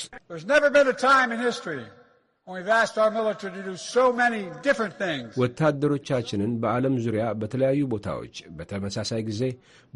ወታደሮቻችንን በዓለም ዙሪያ በተለያዩ ቦታዎች በተመሳሳይ ጊዜ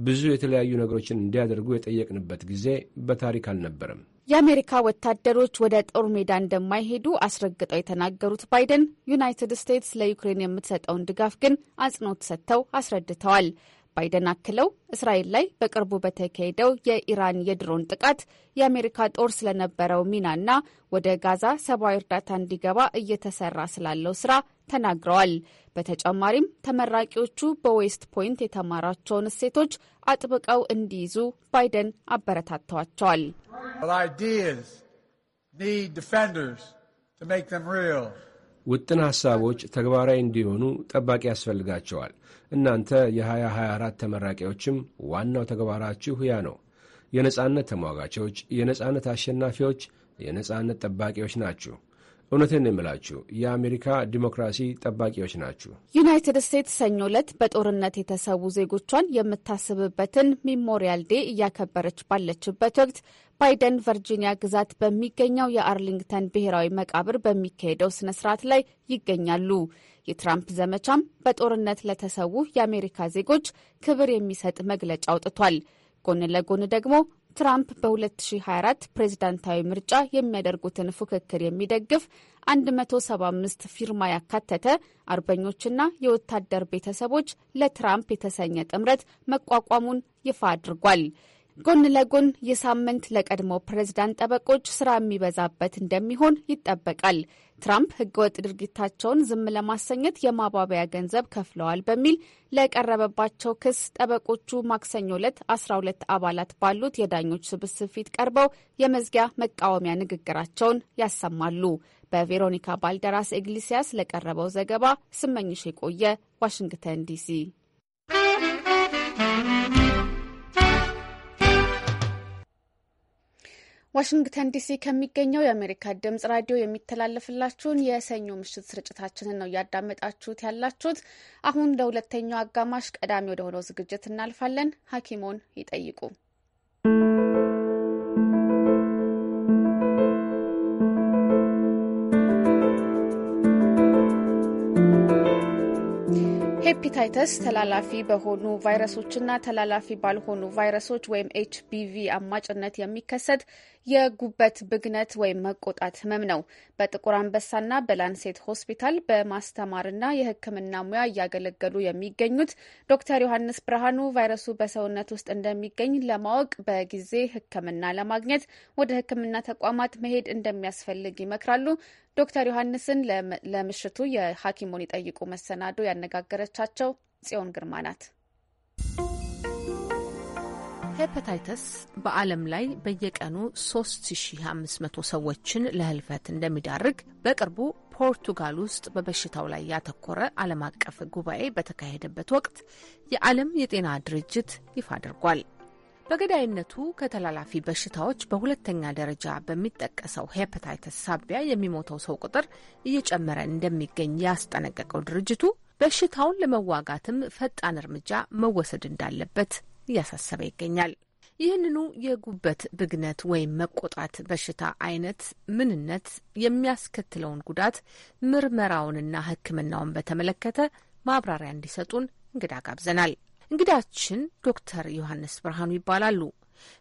ብዙ የተለያዩ ነገሮችን እንዲያደርጉ የጠየቅንበት ጊዜ በታሪክ አልነበረም። የአሜሪካ ወታደሮች ወደ ጦር ሜዳ እንደማይሄዱ አስረግጠው የተናገሩት ባይደን ዩናይትድ ስቴትስ ለዩክሬን የምትሰጠውን ድጋፍ ግን አጽንኦት ሰጥተው አስረድተዋል። ባይደን አክለው እስራኤል ላይ በቅርቡ በተካሄደው የኢራን የድሮን ጥቃት የአሜሪካ ጦር ስለነበረው ሚናና ወደ ጋዛ ሰብአዊ እርዳታ እንዲገባ እየተሰራ ስላለው ስራ ተናግረዋል። በተጨማሪም ተመራቂዎቹ በዌስት ፖይንት የተማሯቸውን እሴቶች አጥብቀው እንዲይዙ ባይደን አበረታተዋቸዋል። ውጥን ሐሳቦች ተግባራዊ እንዲሆኑ ጠባቂ ያስፈልጋቸዋል። እናንተ የ2024 ተመራቂዎችም ዋናው ተግባራችሁ ያ ነው። የነጻነት ተሟጋቾች፣ የነጻነት አሸናፊዎች፣ የነጻነት ጠባቂዎች ናችሁ። እውነትን የምላችሁ የአሜሪካ ዲሞክራሲ ጠባቂዎች ናችሁ። ዩናይትድ ስቴትስ ሰኞ ዕለት በጦርነት የተሰዉ ዜጎቿን የምታስብበትን ሜሞሪያል ዴ እያከበረች ባለችበት ወቅት ባይደን ቨርጂኒያ ግዛት በሚገኘው የአርሊንግተን ብሔራዊ መቃብር በሚካሄደው ስነ ስርዓት ላይ ይገኛሉ። የትራምፕ ዘመቻም በጦርነት ለተሰዉ የአሜሪካ ዜጎች ክብር የሚሰጥ መግለጫ አውጥቷል። ጎን ለጎን ደግሞ ትራምፕ በ2024 ፕሬዝዳንታዊ ምርጫ የሚያደርጉትን ፉክክር የሚደግፍ 175 ፊርማ ያካተተ አርበኞችና የወታደር ቤተሰቦች ለትራምፕ የተሰኘ ጥምረት መቋቋሙን ይፋ አድርጓል። ጎን ለጎን የሳምንት ለቀድሞ ፕሬዝዳንት ጠበቆች ስራ የሚበዛበት እንደሚሆን ይጠበቃል። ትራምፕ ህገወጥ ድርጊታቸውን ዝም ለማሰኘት የማባበያ ገንዘብ ከፍለዋል በሚል ለቀረበባቸው ክስ ጠበቆቹ ማክሰኞ ዕለት 12 አባላት ባሉት የዳኞች ስብስብ ፊት ቀርበው የመዝጊያ መቃወሚያ ንግግራቸውን ያሰማሉ። በቬሮኒካ ባልደራስ ኤግሊሲያስ ለቀረበው ዘገባ ስመኝሽ የቆየ ዋሽንግተን ዲሲ። ዋሽንግተን ዲሲ ከሚገኘው የአሜሪካ ድምጽ ራዲዮ የሚተላለፍላችሁን የሰኞ ምሽት ስርጭታችንን ነው እያዳመጣችሁት ያላችሁት። አሁን ለሁለተኛው አጋማሽ ቀዳሚ ወደ ሆነው ዝግጅት እናልፋለን። ሐኪሞን ይጠይቁ ሄፒታይተስ ተላላፊ በሆኑ ቫይረሶችና ተላላፊ ባልሆኑ ቫይረሶች ወይም ኤችቢቪ አማጭነት የሚከሰት የጉበት ብግነት ወይም መቆጣት ህመም ነው። በጥቁር አንበሳና በላንሴት ሆስፒታል በማስተማርና የህክምና ሙያ እያገለገሉ የሚገኙት ዶክተር ዮሐንስ ብርሃኑ ቫይረሱ በሰውነት ውስጥ እንደሚገኝ ለማወቅ በጊዜ ህክምና ለማግኘት ወደ ህክምና ተቋማት መሄድ እንደሚያስፈልግ ይመክራሉ። ዶክተር ዮሐንስን ለምሽቱ የሐኪሙን ይጠይቁ መሰናዶ ያነጋገረቻቸው ጽዮን ግርማ ናት። ሄፐታይተስ በዓለም ላይ በየቀኑ 3500 ሰዎችን ለህልፈት እንደሚዳርግ በቅርቡ ፖርቱጋል ውስጥ በበሽታው ላይ ያተኮረ ዓለም አቀፍ ጉባኤ በተካሄደበት ወቅት የዓለም የጤና ድርጅት ይፋ አድርጓል። በገዳይነቱ ከተላላፊ በሽታዎች በሁለተኛ ደረጃ በሚጠቀሰው ሄፐታይተስ ሳቢያ የሚሞተው ሰው ቁጥር እየጨመረ እንደሚገኝ ያስጠነቀቀው ድርጅቱ በሽታውን ለመዋጋትም ፈጣን እርምጃ መወሰድ እንዳለበት እያሳሰበ ይገኛል። ይህንኑ የጉበት ብግነት ወይም መቆጣት በሽታ አይነት ምንነት፣ የሚያስከትለውን ጉዳት፣ ምርመራውንና ሕክምናውን በተመለከተ ማብራሪያ እንዲሰጡን እንግዳ ጋብዘናል። እንግዳችን ዶክተር ዮሐንስ ብርሃኑ ይባላሉ።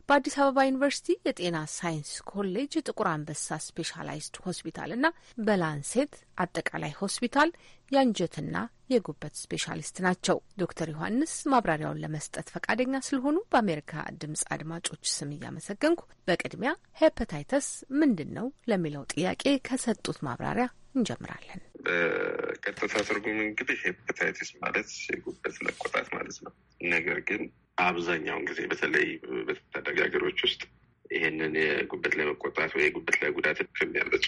በአዲስ አበባ ዩኒቨርሲቲ የጤና ሳይንስ ኮሌጅ ጥቁር አንበሳ ስፔሻላይዝድ ሆስፒታል እና በላንሴት አጠቃላይ ሆስፒታል የአንጀትና የጉበት ስፔሻሊስት ናቸው። ዶክተር ዮሐንስ ማብራሪያውን ለመስጠት ፈቃደኛ ስለሆኑ በአሜሪካ ድምፅ አድማጮች ስም እያመሰገንኩ በቅድሚያ ሄፐታይተስ ምንድን ነው ለሚለው ጥያቄ ከሰጡት ማብራሪያ እንጀምራለን። በቀጥታ ትርጉም እንግዲህ ሄፐታይተስ ማለት የጉበት መቆጣት ማለት ነው። ነገር ግን አብዛኛውን ጊዜ በተለይ በታዳጊ ሀገሮች ውስጥ ይህንን የጉበት ላይ መቆጣት ወይ የጉበት ላይ ጉዳት ከሚያመጡ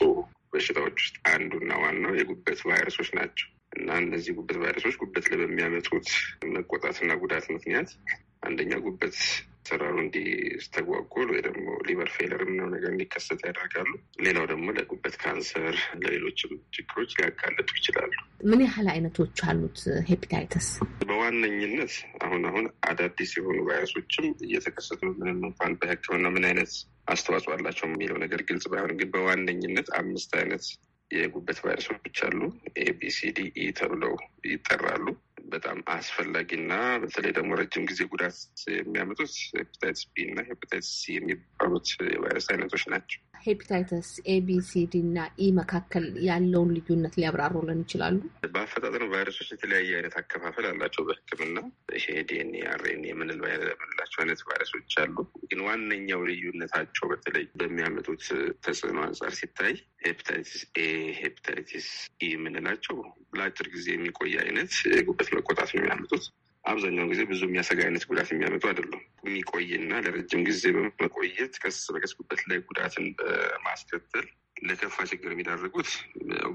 በሽታዎች ውስጥ አንዱና ዋናው የጉበት ቫይረሶች ናቸው እና እነዚህ ጉበት ቫይረሶች ጉበት ላይ በሚያመጡት መቆጣትና ጉዳት ምክንያት አንደኛ ጉበት ሰራሩ እንዲስተጓጎል ወይ ደግሞ ሊቨር ፌለር የምነው ነገር እንዲከሰት ያደርጋሉ። ሌላው ደግሞ ለጉበት ካንሰር፣ ለሌሎችም ችግሮች ሊያጋለጡ ይችላሉ። ምን ያህል አይነቶች አሉት ሄፒታይተስ? በዋነኝነት አሁን አሁን አዳዲስ የሆኑ ቫይረሶችም እየተከሰቱ ምንም እንኳን በሕክምና ምን አይነት አስተዋጽኦ አላቸው የሚለው ነገር ግልጽ ባይሆን፣ ግን በዋነኝነት አምስት አይነት የጉበት ቫይረሶች አሉ። ኤቢሲዲኢ ተብለው ይጠራሉ። በጣም አስፈላጊና በተለይ ደግሞ ረጅም ጊዜ ጉዳት የሚያመጡት ሄፓታይትስ ቢ እና ሄፓታይትስ ሲ የሚባሉት የቫይረስ አይነቶች ናቸው። ሄፒታይተስ ኤ፣ ቢ፣ ሲ፣ ዲ እና ኢ መካከል ያለውን ልዩነት ሊያብራሩልን ይችላሉ? በአፈጣጠሩ ቫይረሶች የተለያየ አይነት አከፋፈል አላቸው። በሕክምና ይሄ ዲኤንኤ አርኤንኤ የምንል የምንላቸው አይነት ቫይረሶች አሉ። ግን ዋነኛው ልዩነታቸው በተለይ በሚያመጡት ተጽዕኖ አንጻር ሲታይ ሄፒታይትስ ኤ፣ ሄፒታይትስ ኢ የምንላቸው ለአጭር ጊዜ የሚቆይ አይነት ጉበት መቆጣት ነው የሚያመጡት። አብዛኛውን ጊዜ ብዙ የሚያሰጋ አይነት ጉዳት የሚያመጡ አይደሉም። የሚቆይና ለረጅም ጊዜ በመቆየት ቀስ በቀስ ጉበት ላይ ጉዳትን በማስከተል ለከፋ ችግር የሚዳርጉት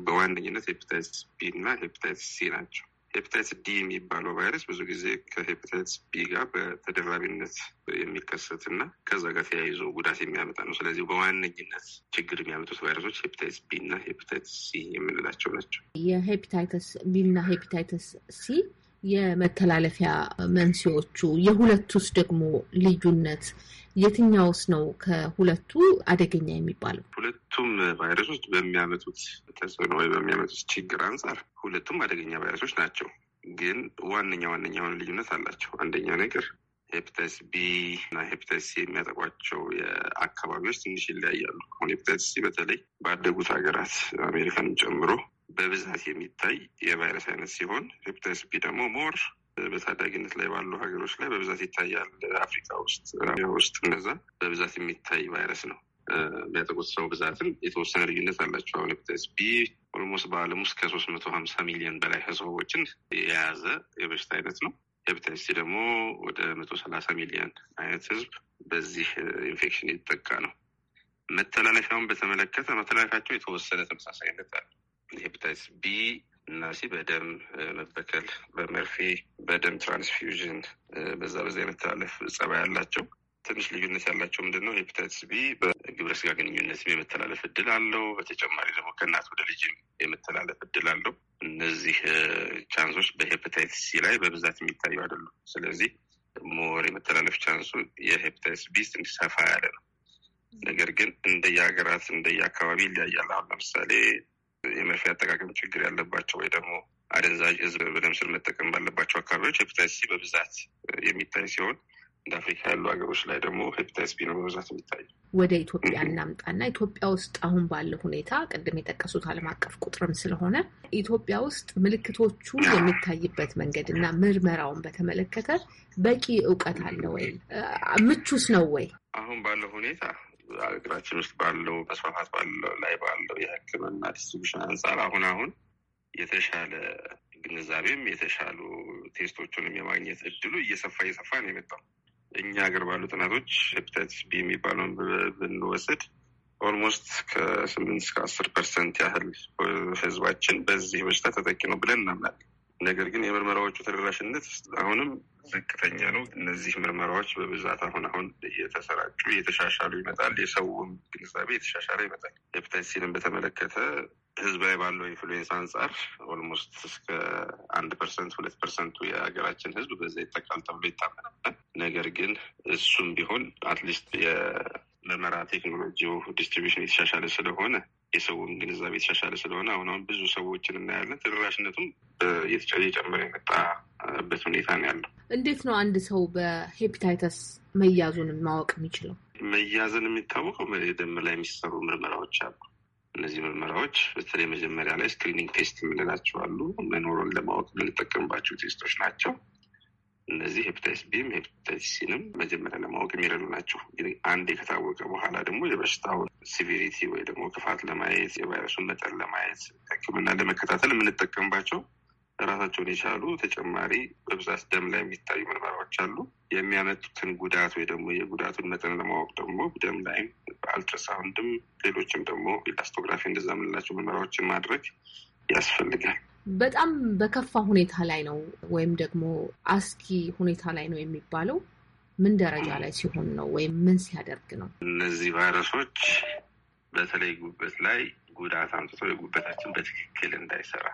በዋነኝነት ሄፕታይትስ ቢ እና ሄፕታይትስ ሲ ናቸው። ሄፕታይትስ ዲ የሚባለው ቫይረስ ብዙ ጊዜ ከሄፕታይትስ ቢ ጋር በተደራቢነት የሚከሰት እና ከዛ ጋር ተያይዞ ጉዳት የሚያመጣ ነው። ስለዚህ በዋነኝነት ችግር የሚያመጡት ቫይረሶች ሄፕታይትስ ቢ እና ሄፕታይትስ ሲ የምንላቸው ናቸው። የሄፕታይትስ ቢ እና ሄፕታይትስ ሲ የመተላለፊያ መንስኤዎቹ? የሁለቱስ ደግሞ ልዩነት የትኛውስ ነው ከሁለቱ አደገኛ የሚባለው? ሁለቱም ቫይረሶች በሚያመጡት ተጽዕኖ ወይ በሚያመጡት ችግር አንጻር ሁለቱም አደገኛ ቫይረሶች ናቸው። ግን ዋነኛ ዋነኛ የሆነ ልዩነት አላቸው። አንደኛ ነገር ሄፕታይስ ቢ እና ሄፕታይስ ሲ የሚያጠቋቸው የአካባቢዎች ትንሽ ይለያያሉ። አሁን ሄፕታይስ ሲ በተለይ ባደጉት ሀገራት አሜሪካን ጨምሮ በብዛት የሚታይ የቫይረስ አይነት ሲሆን ሄፓታይተስ ቢ ደግሞ ሞር በታዳጊነት ላይ ባሉ ሀገሮች ላይ በብዛት ይታያል። አፍሪካ ውስጥ ውስጥ እነዛ በብዛት የሚታይ ቫይረስ ነው። የሚያጠቁት ሰው ብዛትም የተወሰነ ልዩነት አላቸው። አሁን ሄፓታይተስ ቢ ኦልሞስት በዓለም ውስጥ ከሶስት መቶ ሀምሳ ሚሊዮን በላይ ሰዎችን የያዘ የበሽታ አይነት ነው። ሄፓታይተስ ሲ ደግሞ ወደ መቶ ሰላሳ ሚሊዮን አይነት ህዝብ በዚህ ኢንፌክሽን የተጠቃ ነው። መተላለፊያውን በተመለከተ መተላለፊያቸው የተወሰነ ተመሳሳይነት አለ። ሄፓታይትስ ቢ እና ሲ በደም መበከል፣ በመርፌ በደም ትራንስፊውዥን በዛ በዛ የመተላለፍ ጸባይ ያላቸው ትንሽ ልዩነት ያላቸው ምንድን ነው ሄፓታይትስ ቢ በግብረ ስጋ ግንኙነት የመተላለፍ እድል አለው። በተጨማሪ ደግሞ ከእናት ወደ ልጅ የመተላለፍ እድል አለው። እነዚህ ቻንሶች በሄፓታይትስ ሲ ላይ በብዛት የሚታዩ አይደሉም። ስለዚህ ሞር የመተላለፍ ቻንሱ የሄፓታይትስ ቢ ትንሽ ሰፋ ያለ ነው። ነገር ግን እንደየሀገራት እንደየአካባቢ ይለያያል። አሁን ለምሳሌ የመርፌ አጠቃቀም ችግር ያለባቸው ወይ ደግሞ አደንዛዥ እጽ በደም ስር መጠቀም ባለባቸው አካባቢዎች ሄፕታይስ ሲ በብዛት የሚታይ ሲሆን እንደ አፍሪካ ያሉ ሀገሮች ላይ ደግሞ ሄፕታይስ ቢ ነው በብዛት የሚታይ። ወደ ኢትዮጵያ እናምጣና ኢትዮጵያ ውስጥ አሁን ባለው ሁኔታ ቅድም የጠቀሱት ዓለም አቀፍ ቁጥርም ስለሆነ ኢትዮጵያ ውስጥ ምልክቶቹ የሚታይበት መንገድ እና ምርመራውን በተመለከተ በቂ እውቀት አለ ወይ? ምቹስ ነው ወይ? አሁን ባለው ሁኔታ ሀገራችን ውስጥ ባለው መስፋፋት ባለው ላይ ባለው የሕክምና ዲስትሪቢሽን አንጻር አሁን አሁን የተሻለ ግንዛቤም የተሻሉ ቴስቶቹንም የማግኘት እድሉ እየሰፋ እየሰፋ ነው የመጣው። እኛ ሀገር ባሉ ጥናቶች ሄፓታይተስ ቢ የሚባለውን ብንወስድ ኦልሞስት ከስምንት እስከ አስር ፐርሰንት ያህል ህዝባችን በዚህ በሽታ ተጠቂ ነው ብለን እናምናለን። ነገር ግን የምርመራዎቹ ተደራሽነት አሁንም ዝቅተኛ ነው። እነዚህ ምርመራዎች በብዛት አሁን አሁን እየተሰራጩ እየተሻሻሉ ይመጣል። የሰውም ግንዛቤ የተሻሻለ ይመጣል። ሄፓታይተስ በተመለከተ ህዝብ ላይ ባለው ኢንፍሉዌንስ አንጻር ኦልሞስት እስከ አንድ ፐርሰንት ሁለት ፐርሰንቱ የሀገራችን ህዝብ በዛ ይጠቃል ተብሎ ይታመናል። ነገር ግን እሱም ቢሆን አትሊስት የምርመራ ቴክኖሎጂው ዲስትሪቢሽን የተሻሻለ ስለሆነ የሰውን ግንዛቤ የተሻሻለ ስለሆነ አሁን አሁን ብዙ ሰዎችን እናያለን። ተደራሽነቱም እየጨመረ የመጣበት ሁኔታ ነው ያለው። እንዴት ነው አንድ ሰው በሄፒታይተስ መያዙን ማወቅ የሚችለው? መያዝን የሚታወቀው የደም ላይ የሚሰሩ ምርመራዎች አሉ። እነዚህ ምርመራዎች በተለይ መጀመሪያ ላይ ስክሪኒንግ ቴስት የምንላቸው አሉ። መኖሩን ለማወቅ የምንጠቀምባቸው ቴስቶች ናቸው። እነዚህ ሄፕታይስ ቢም ሄፕታይስ ሲንም መጀመሪያ ለማወቅ የሚረዱ ናቸው። እንግዲህ አንዴ ከታወቀ በኋላ ደግሞ የበሽታውን ሲቪሪቲ ወይ ደግሞ ክፋት ለማየት የቫይረሱን መጠን ለማየት ሕክምና ለመከታተል የምንጠቀምባቸው ራሳቸውን የቻሉ ተጨማሪ በብዛት ደም ላይ የሚታዩ ምርመራዎች አሉ። የሚያመጡትን ጉዳት ወይ ደግሞ የጉዳቱን መጠን ለማወቅ ደግሞ ደም ላይም በአልትራሳውንድም ሌሎችም ደግሞ ኢላስቶግራፊ እንደዛ የምንላቸው ምርመራዎችን ማድረግ ያስፈልጋል። በጣም በከፋ ሁኔታ ላይ ነው ወይም ደግሞ አስኪ ሁኔታ ላይ ነው የሚባለው ምን ደረጃ ላይ ሲሆን ነው ወይም ምን ሲያደርግ ነው? እነዚህ ቫይረሶች በተለይ ጉበት ላይ ጉዳት አምጥተው የጉበታችን በትክክል እንዳይሰራ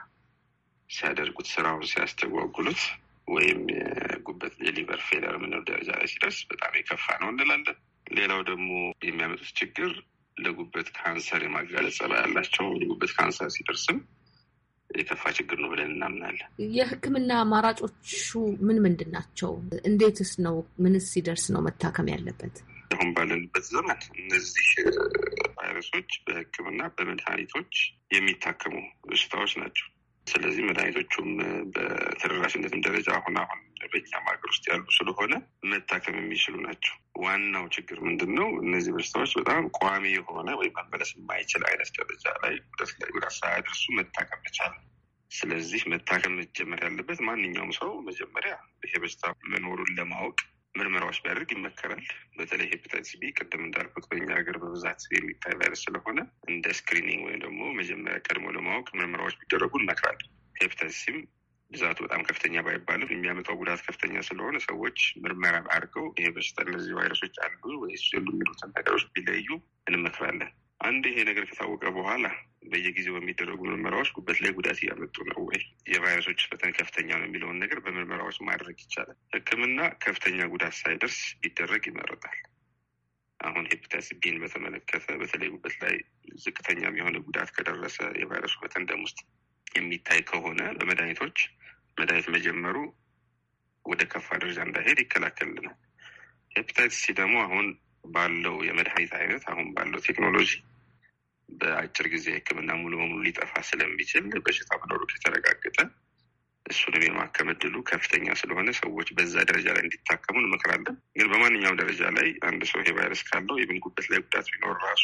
ሲያደርጉት፣ ስራውን ሲያስተጓጉሉት ወይም የጉበት የሊቨር ፌለር ምንው ደረጃ ላይ ሲደርስ በጣም የከፋ ነው እንላለን። ሌላው ደግሞ የሚያመጡት ችግር ለጉበት ካንሰር የማጋለጥ ጸባይ ያላቸው የጉበት ካንሰር ሲደርስም የከፋ ችግር ነው ብለን እናምናለን። የሕክምና አማራጮቹ ምን ምንድን ናቸው? እንዴትስ ነው? ምንስ ሲደርስ ነው መታከም ያለበት? አሁን ባለንበት ዘመን እነዚህ ቫይረሶች በሕክምና በመድኃኒቶች የሚታከሙ በሽታዎች ናቸው። ስለዚህ መድኃኒቶቹም በተደራሽነትም ደረጃ አሁን አሁን በእኛም ሀገር ውስጥ ያሉ ስለሆነ መታከም የሚችሉ ናቸው። ዋናው ችግር ምንድን ነው? እነዚህ በሽታዎች በጣም ቋሚ የሆነ ወይም መመለስ የማይችል አይነት ደረጃ ላይ ደስ ላይ ጉዳት ሳያደርሱ መታከም መቻል ነው። ስለዚህ መታከም መጀመር ያለበት ማንኛውም ሰው መጀመሪያ ይሄ በሽታ መኖሩን ለማወቅ ምርመራዎች ቢያደርግ ይመከራል። በተለይ ሄፓታይተስ ቢ ቅድም እንዳልኩት በኛ ሀገር በብዛት የሚታይ ቫይረስ ስለሆነ እንደ ስክሪኒንግ ወይም ደግሞ መጀመሪያ ቀድሞ ለማወቅ ምርመራዎች ቢደረጉ እንመክራለን። ሄፓታይተስ ሲም ብዛቱ በጣም ከፍተኛ ባይባልም የሚያመጣው ጉዳት ከፍተኛ ስለሆነ ሰዎች ምርመራ አድርገው ይሄ በሽታ እነዚህ ቫይረሶች አሉ ወይስ የሉ የሚሉትን ነገሮች ቢለዩ እንመክራለን። አንድ ይሄ ነገር ከታወቀ በኋላ በየጊዜው በሚደረጉ ምርመራዎች ጉበት ላይ ጉዳት እያመጡ ነው ወይ የቫይረሶች መጠን ከፍተኛ ነው የሚለውን ነገር በምርመራዎች ማድረግ ይቻላል። ሕክምና ከፍተኛ ጉዳት ሳይደርስ ቢደረግ ይመረጣል። አሁን ሄፒታይተስ ቢን በተመለከተ በተለይ ጉበት ላይ ዝቅተኛም የሆነ ጉዳት ከደረሰ የቫይረሱ መጠን ደም ውስጥ የሚታይ ከሆነ በመድኃኒቶች መድኃኒት መጀመሩ ወደ ከፋ ደረጃ እንዳይሄድ ይከላከልልናል። ሄፕታይትስ ሲ ደግሞ አሁን ባለው የመድኃኒት አይነት አሁን ባለው ቴክኖሎጂ በአጭር ጊዜ ሕክምና ሙሉ በሙሉ ሊጠፋ ስለሚችል በሽታ መኖሩ ከተረጋገጠ እሱንም የማከም እድሉ ከፍተኛ ስለሆነ ሰዎች በዛ ደረጃ ላይ እንዲታከሙ እንመክራለን። ግን በማንኛውም ደረጃ ላይ አንድ ሰው ይሄ ቫይረስ ካለው የምን ጉበት ላይ ጉዳት ቢኖር ራሱ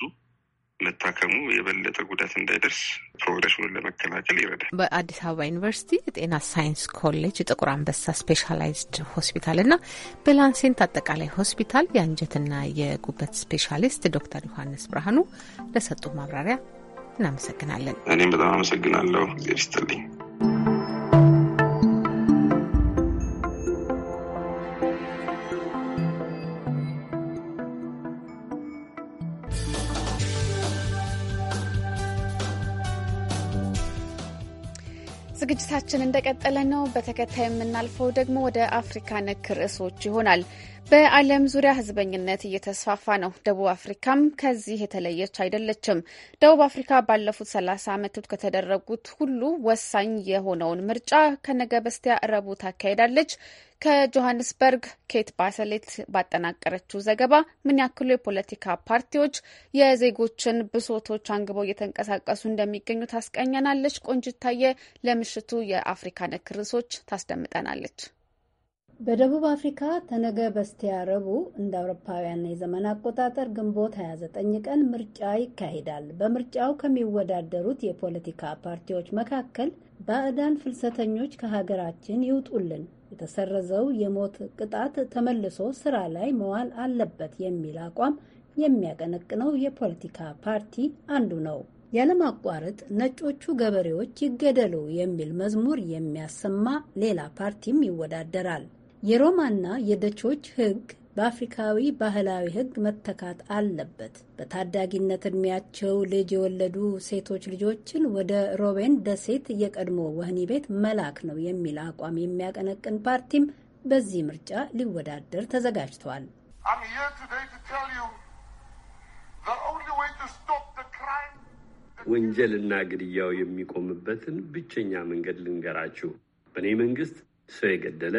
መታከሙ የበለጠ ጉዳት እንዳይደርስ ፕሮግሬሽኑን ለመከላከል ይረዳል። በአዲስ አበባ ዩኒቨርሲቲ የጤና ሳይንስ ኮሌጅ የጥቁር አንበሳ ስፔሻላይዝድ ሆስፒታል እና በላንሴንት አጠቃላይ ሆስፒታል የአንጀትና የጉበት ስፔሻሊስት ዶክተር ዮሐንስ ብርሃኑ ለሰጡ ማብራሪያ እናመሰግናለን። እኔም በጣም አመሰግናለሁ። ጊዜ ይስጥልኝ። ዝግጅታችን እንደቀጠለ ነው። በተከታይ የምናልፈው ደግሞ ወደ አፍሪካ ነክ ርዕሶች ይሆናል። በዓለም ዙሪያ ህዝበኝነት እየተስፋፋ ነው። ደቡብ አፍሪካም ከዚህ የተለየች አይደለችም። ደቡብ አፍሪካ ባለፉት ሰላሳ ዓመታት ከተደረጉት ሁሉ ወሳኝ የሆነውን ምርጫ ከነገ በስቲያ ረቡ ታካሄዳለች። ከጆሀንስበርግ ኬት ባሰሌት ባጠናቀረችው ዘገባ ምን ያክሉ የፖለቲካ ፓርቲዎች የዜጎችን ብሶቶች አንግበው እየተንቀሳቀሱ እንደሚገኙ ታስቀኘናለች። ቆንጅታየ ለምሽቱ የአፍሪካ ነክ ርዕሶች ታስደምጠናለች። በደቡብ አፍሪካ ተነገ በስቲያ ረቡዕ እንደ አውሮፓውያን የዘመን አቆጣጠር ግንቦት 29 ቀን ምርጫ ይካሄዳል። በምርጫው ከሚወዳደሩት የፖለቲካ ፓርቲዎች መካከል ባዕዳን ፍልሰተኞች ከሀገራችን ይውጡልን፣ የተሰረዘው የሞት ቅጣት ተመልሶ ስራ ላይ መዋል አለበት የሚል አቋም የሚያቀነቅነው የፖለቲካ ፓርቲ አንዱ ነው። ያለማቋረጥ ነጮቹ ገበሬዎች ይገደሉ የሚል መዝሙር የሚያሰማ ሌላ ፓርቲም ይወዳደራል። የሮማና የደቾች ህግ በአፍሪካዊ ባህላዊ ህግ መተካት አለበት። በታዳጊነት እድሜያቸው ልጅ የወለዱ ሴቶች ልጆችን ወደ ሮቤን ደሴት የቀድሞ ወህኒ ቤት መላክ ነው የሚል አቋም የሚያቀነቅን ፓርቲም በዚህ ምርጫ ሊወዳደር ተዘጋጅቷል። ወንጀልና ግድያው የሚቆምበትን ብቸኛ መንገድ ልንገራችሁ። በእኔ መንግስት ሰው የገደለ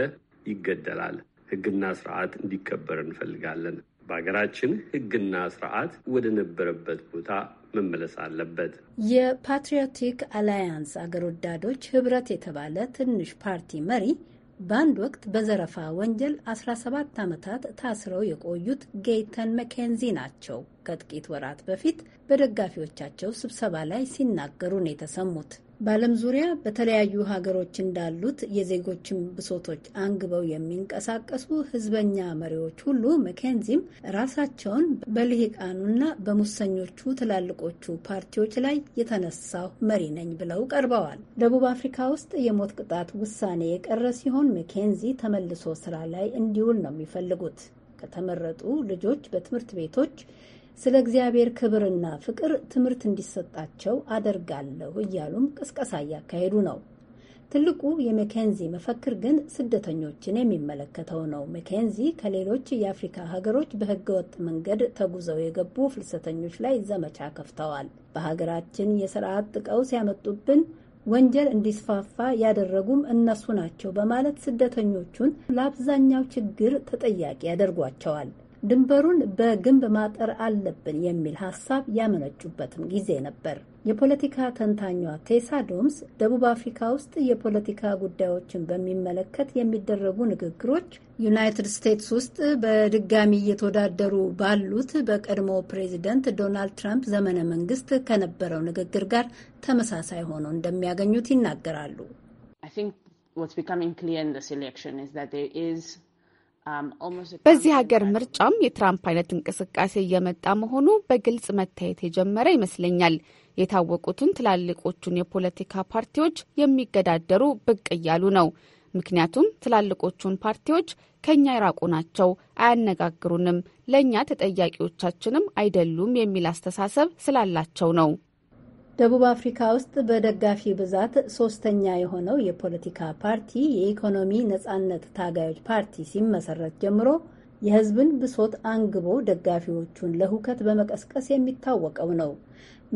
ይገደላል። ህግና ስርዓት እንዲከበር እንፈልጋለን። በሀገራችን ህግና ስርዓት ወደ ነበረበት ቦታ መመለስ አለበት። የፓትሪዮቲክ አላያንስ አገር ወዳዶች ህብረት የተባለ ትንሽ ፓርቲ መሪ በአንድ ወቅት በዘረፋ ወንጀል 17 ዓመታት ታስረው የቆዩት ጌይተን መኬንዚ ናቸው። ከጥቂት ወራት በፊት በደጋፊዎቻቸው ስብሰባ ላይ ሲናገሩ ነው የተሰሙት። በዓለም ዙሪያ በተለያዩ ሀገሮች እንዳሉት የዜጎችን ብሶቶች አንግበው የሚንቀሳቀሱ ህዝበኛ መሪዎች ሁሉ መኬንዚም ራሳቸውን በልሂቃኑና በሙሰኞቹ ትላልቆቹ ፓርቲዎች ላይ የተነሳው መሪ ነኝ ብለው ቀርበዋል። ደቡብ አፍሪካ ውስጥ የሞት ቅጣት ውሳኔ የቀረ ሲሆን መኬንዚ ተመልሶ ስራ ላይ እንዲውል ነው የሚፈልጉት። ከተመረጡ ልጆች በትምህርት ቤቶች ስለ እግዚአብሔር ክብርና ፍቅር ትምህርት እንዲሰጣቸው አደርጋለሁ እያሉም ቅስቀሳ እያካሄዱ ነው። ትልቁ የመኬንዚ መፈክር ግን ስደተኞችን የሚመለከተው ነው። ሜኬንዚ ከሌሎች የአፍሪካ ሀገሮች በህገወጥ መንገድ ተጉዘው የገቡ ፍልሰተኞች ላይ ዘመቻ ከፍተዋል። በሀገራችን የስርዓት ቀውስ ያመጡብን ወንጀል እንዲስፋፋ ያደረጉም እነሱ ናቸው በማለት ስደተኞቹን ለአብዛኛው ችግር ተጠያቂ ያደርጓቸዋል። ድንበሩን በግንብ ማጠር አለብን የሚል ሀሳብ ያመነጩበትም ጊዜ ነበር። የፖለቲካ ተንታኟ ቴሳ ዶምስ ደቡብ አፍሪካ ውስጥ የፖለቲካ ጉዳዮችን በሚመለከት የሚደረጉ ንግግሮች ዩናይትድ ስቴትስ ውስጥ በድጋሚ እየተወዳደሩ ባሉት በቀድሞ ፕሬዚደንት ዶናልድ ትራምፕ ዘመነ መንግስት ከነበረው ንግግር ጋር ተመሳሳይ ሆኖ እንደሚያገኙት ይናገራሉ። Um, በዚህ ሀገር ምርጫም የትራምፕ አይነት እንቅስቃሴ እየመጣ መሆኑ በግልጽ መታየት የጀመረ ይመስለኛል። የታወቁትን ትላልቆቹን የፖለቲካ ፓርቲዎች የሚገዳደሩ ብቅ እያሉ ነው። ምክንያቱም ትላልቆቹን ፓርቲዎች ከእኛ የራቁ ናቸው፣ አያነጋግሩንም፣ ለእኛ ተጠያቂዎቻችንም አይደሉም የሚል አስተሳሰብ ስላላቸው ነው። ደቡብ አፍሪካ ውስጥ በደጋፊ ብዛት ሶስተኛ የሆነው የፖለቲካ ፓርቲ የኢኮኖሚ ነጻነት ታጋዮች ፓርቲ ሲመሰረት ጀምሮ የሕዝብን ብሶት አንግቦ ደጋፊዎቹን ለሁከት በመቀስቀስ የሚታወቀው ነው።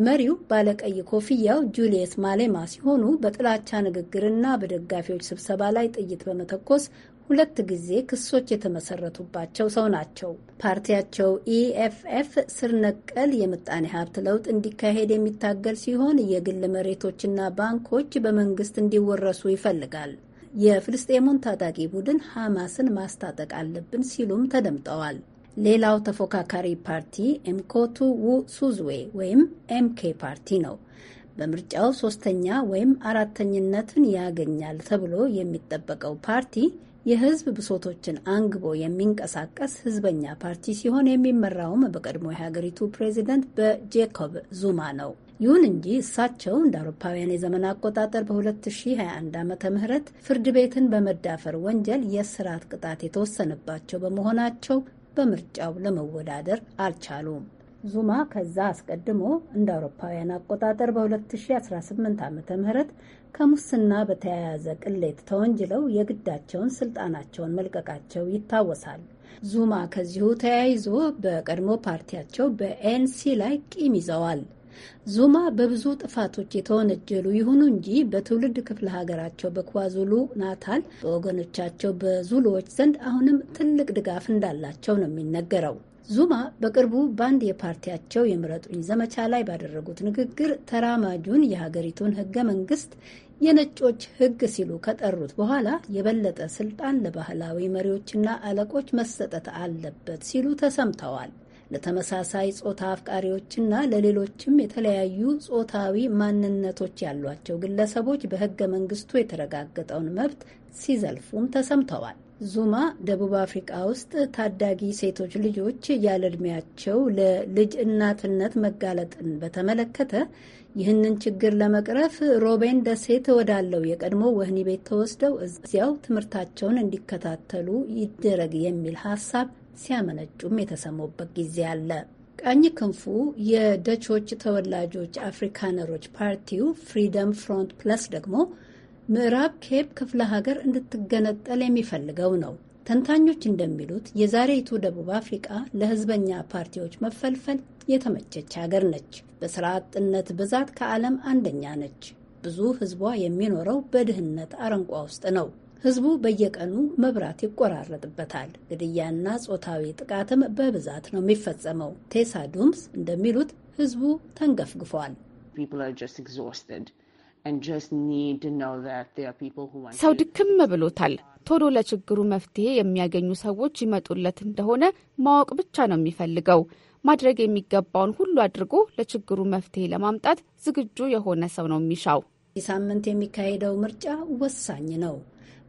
መሪው ባለቀይ ኮፍያው ጁልየስ ማሌማ ሲሆኑ በጥላቻ ንግግርና በደጋፊዎች ስብሰባ ላይ ጥይት በመተኮስ ሁለት ጊዜ ክሶች የተመሰረቱባቸው ሰው ናቸው። ፓርቲያቸው ኢኤፍኤፍ ስር ነቀል የምጣኔ ሀብት ለውጥ እንዲካሄድ የሚታገል ሲሆን የግል መሬቶችና ባንኮች በመንግስት እንዲወረሱ ይፈልጋል። የፍልስጤሙን ታጣቂ ቡድን ሐማስን ማስታጠቅ አለብን ሲሉም ተደምጠዋል። ሌላው ተፎካካሪ ፓርቲ ኤምኮቱ ው ሱዝዌ ወይም ኤምኬ ፓርቲ ነው። በምርጫው ሶስተኛ ወይም አራተኝነትን ያገኛል ተብሎ የሚጠበቀው ፓርቲ የህዝብ ብሶቶችን አንግቦ የሚንቀሳቀስ ህዝበኛ ፓርቲ ሲሆን የሚመራውም በቀድሞ የሀገሪቱ ፕሬዚደንት በጄኮብ ዙማ ነው። ይሁን እንጂ እሳቸው እንደ አውሮፓውያን የዘመን አቆጣጠር በ2021 ዓ ምህረት ፍርድ ቤትን በመዳፈር ወንጀል የእስራት ቅጣት የተወሰነባቸው በመሆናቸው በምርጫው ለመወዳደር አልቻሉም። ዙማ ከዛ አስቀድሞ እንደ አውሮፓውያን አቆጣጠር በ2018 ዓ ም ከሙስና በተያያዘ ቅሌት ተወንጅለው የግዳቸውን ስልጣናቸውን መልቀቃቸው ይታወሳል። ዙማ ከዚሁ ተያይዞ በቀድሞ ፓርቲያቸው በኤንሲ ላይ ቂም ይዘዋል። ዙማ በብዙ ጥፋቶች የተወነጀሉ ይሁኑ እንጂ በትውልድ ክፍለ ሀገራቸው በኳዙሉ ናታል በወገኖቻቸው በዙሎዎች ዘንድ አሁንም ትልቅ ድጋፍ እንዳላቸው ነው የሚነገረው። ዙማ በቅርቡ በአንድ የፓርቲያቸው የምረጡኝ ዘመቻ ላይ ባደረጉት ንግግር ተራማጁን የሀገሪቱን ህገ መንግስት የነጮች ህግ ሲሉ ከጠሩት በኋላ የበለጠ ስልጣን ለባህላዊ መሪዎችና አለቆች መሰጠት አለበት ሲሉ ተሰምተዋል። ለተመሳሳይ ጾታ አፍቃሪዎችና ለሌሎችም የተለያዩ ጾታዊ ማንነቶች ያሏቸው ግለሰቦች በህገ መንግስቱ የተረጋገጠውን መብት ሲዘልፉም ተሰምተዋል። ዙማ ደቡብ አፍሪቃ ውስጥ ታዳጊ ሴቶች ልጆች ያለ እድሜያቸው ለልጅ እናትነት መጋለጥን በተመለከተ ይህንን ችግር ለመቅረፍ ሮቤን ደሴት ወዳለው የቀድሞ ወህኒ ቤት ተወስደው እዚያው ትምህርታቸውን እንዲከታተሉ ይደረግ የሚል ሀሳብ ሲያመነጩም የተሰሙበት ጊዜ አለ። ቀኝ ክንፉ የደቾች ተወላጆች አፍሪካነሮች ፓርቲው ፍሪደም ፍሮንት ፕለስ ደግሞ ምዕራብ ኬፕ ክፍለ ሀገር እንድትገነጠል የሚፈልገው ነው። ተንታኞች እንደሚሉት የዛሬቱ ደቡብ አፍሪቃ ለህዝበኛ ፓርቲዎች መፈልፈል የተመቸች ሀገር ነች። በስራ አጥነት ብዛት ከዓለም አንደኛ ነች። ብዙ ህዝቧ የሚኖረው በድህነት አረንቋ ውስጥ ነው። ህዝቡ በየቀኑ መብራት ይቆራረጥበታል። ግድያና ጾታዊ ጥቃትም በብዛት ነው የሚፈጸመው። ቴሳ ዱምስ እንደሚሉት ሕዝቡ ተንገፍግፏል። ሰው ድክም ብሎታል። ቶሎ ለችግሩ መፍትሄ የሚያገኙ ሰዎች ይመጡለት እንደሆነ ማወቅ ብቻ ነው የሚፈልገው። ማድረግ የሚገባውን ሁሉ አድርጎ ለችግሩ መፍትሄ ለማምጣት ዝግጁ የሆነ ሰው ነው የሚሻው። ሳምንት የሚካሄደው ምርጫ ወሳኝ ነው።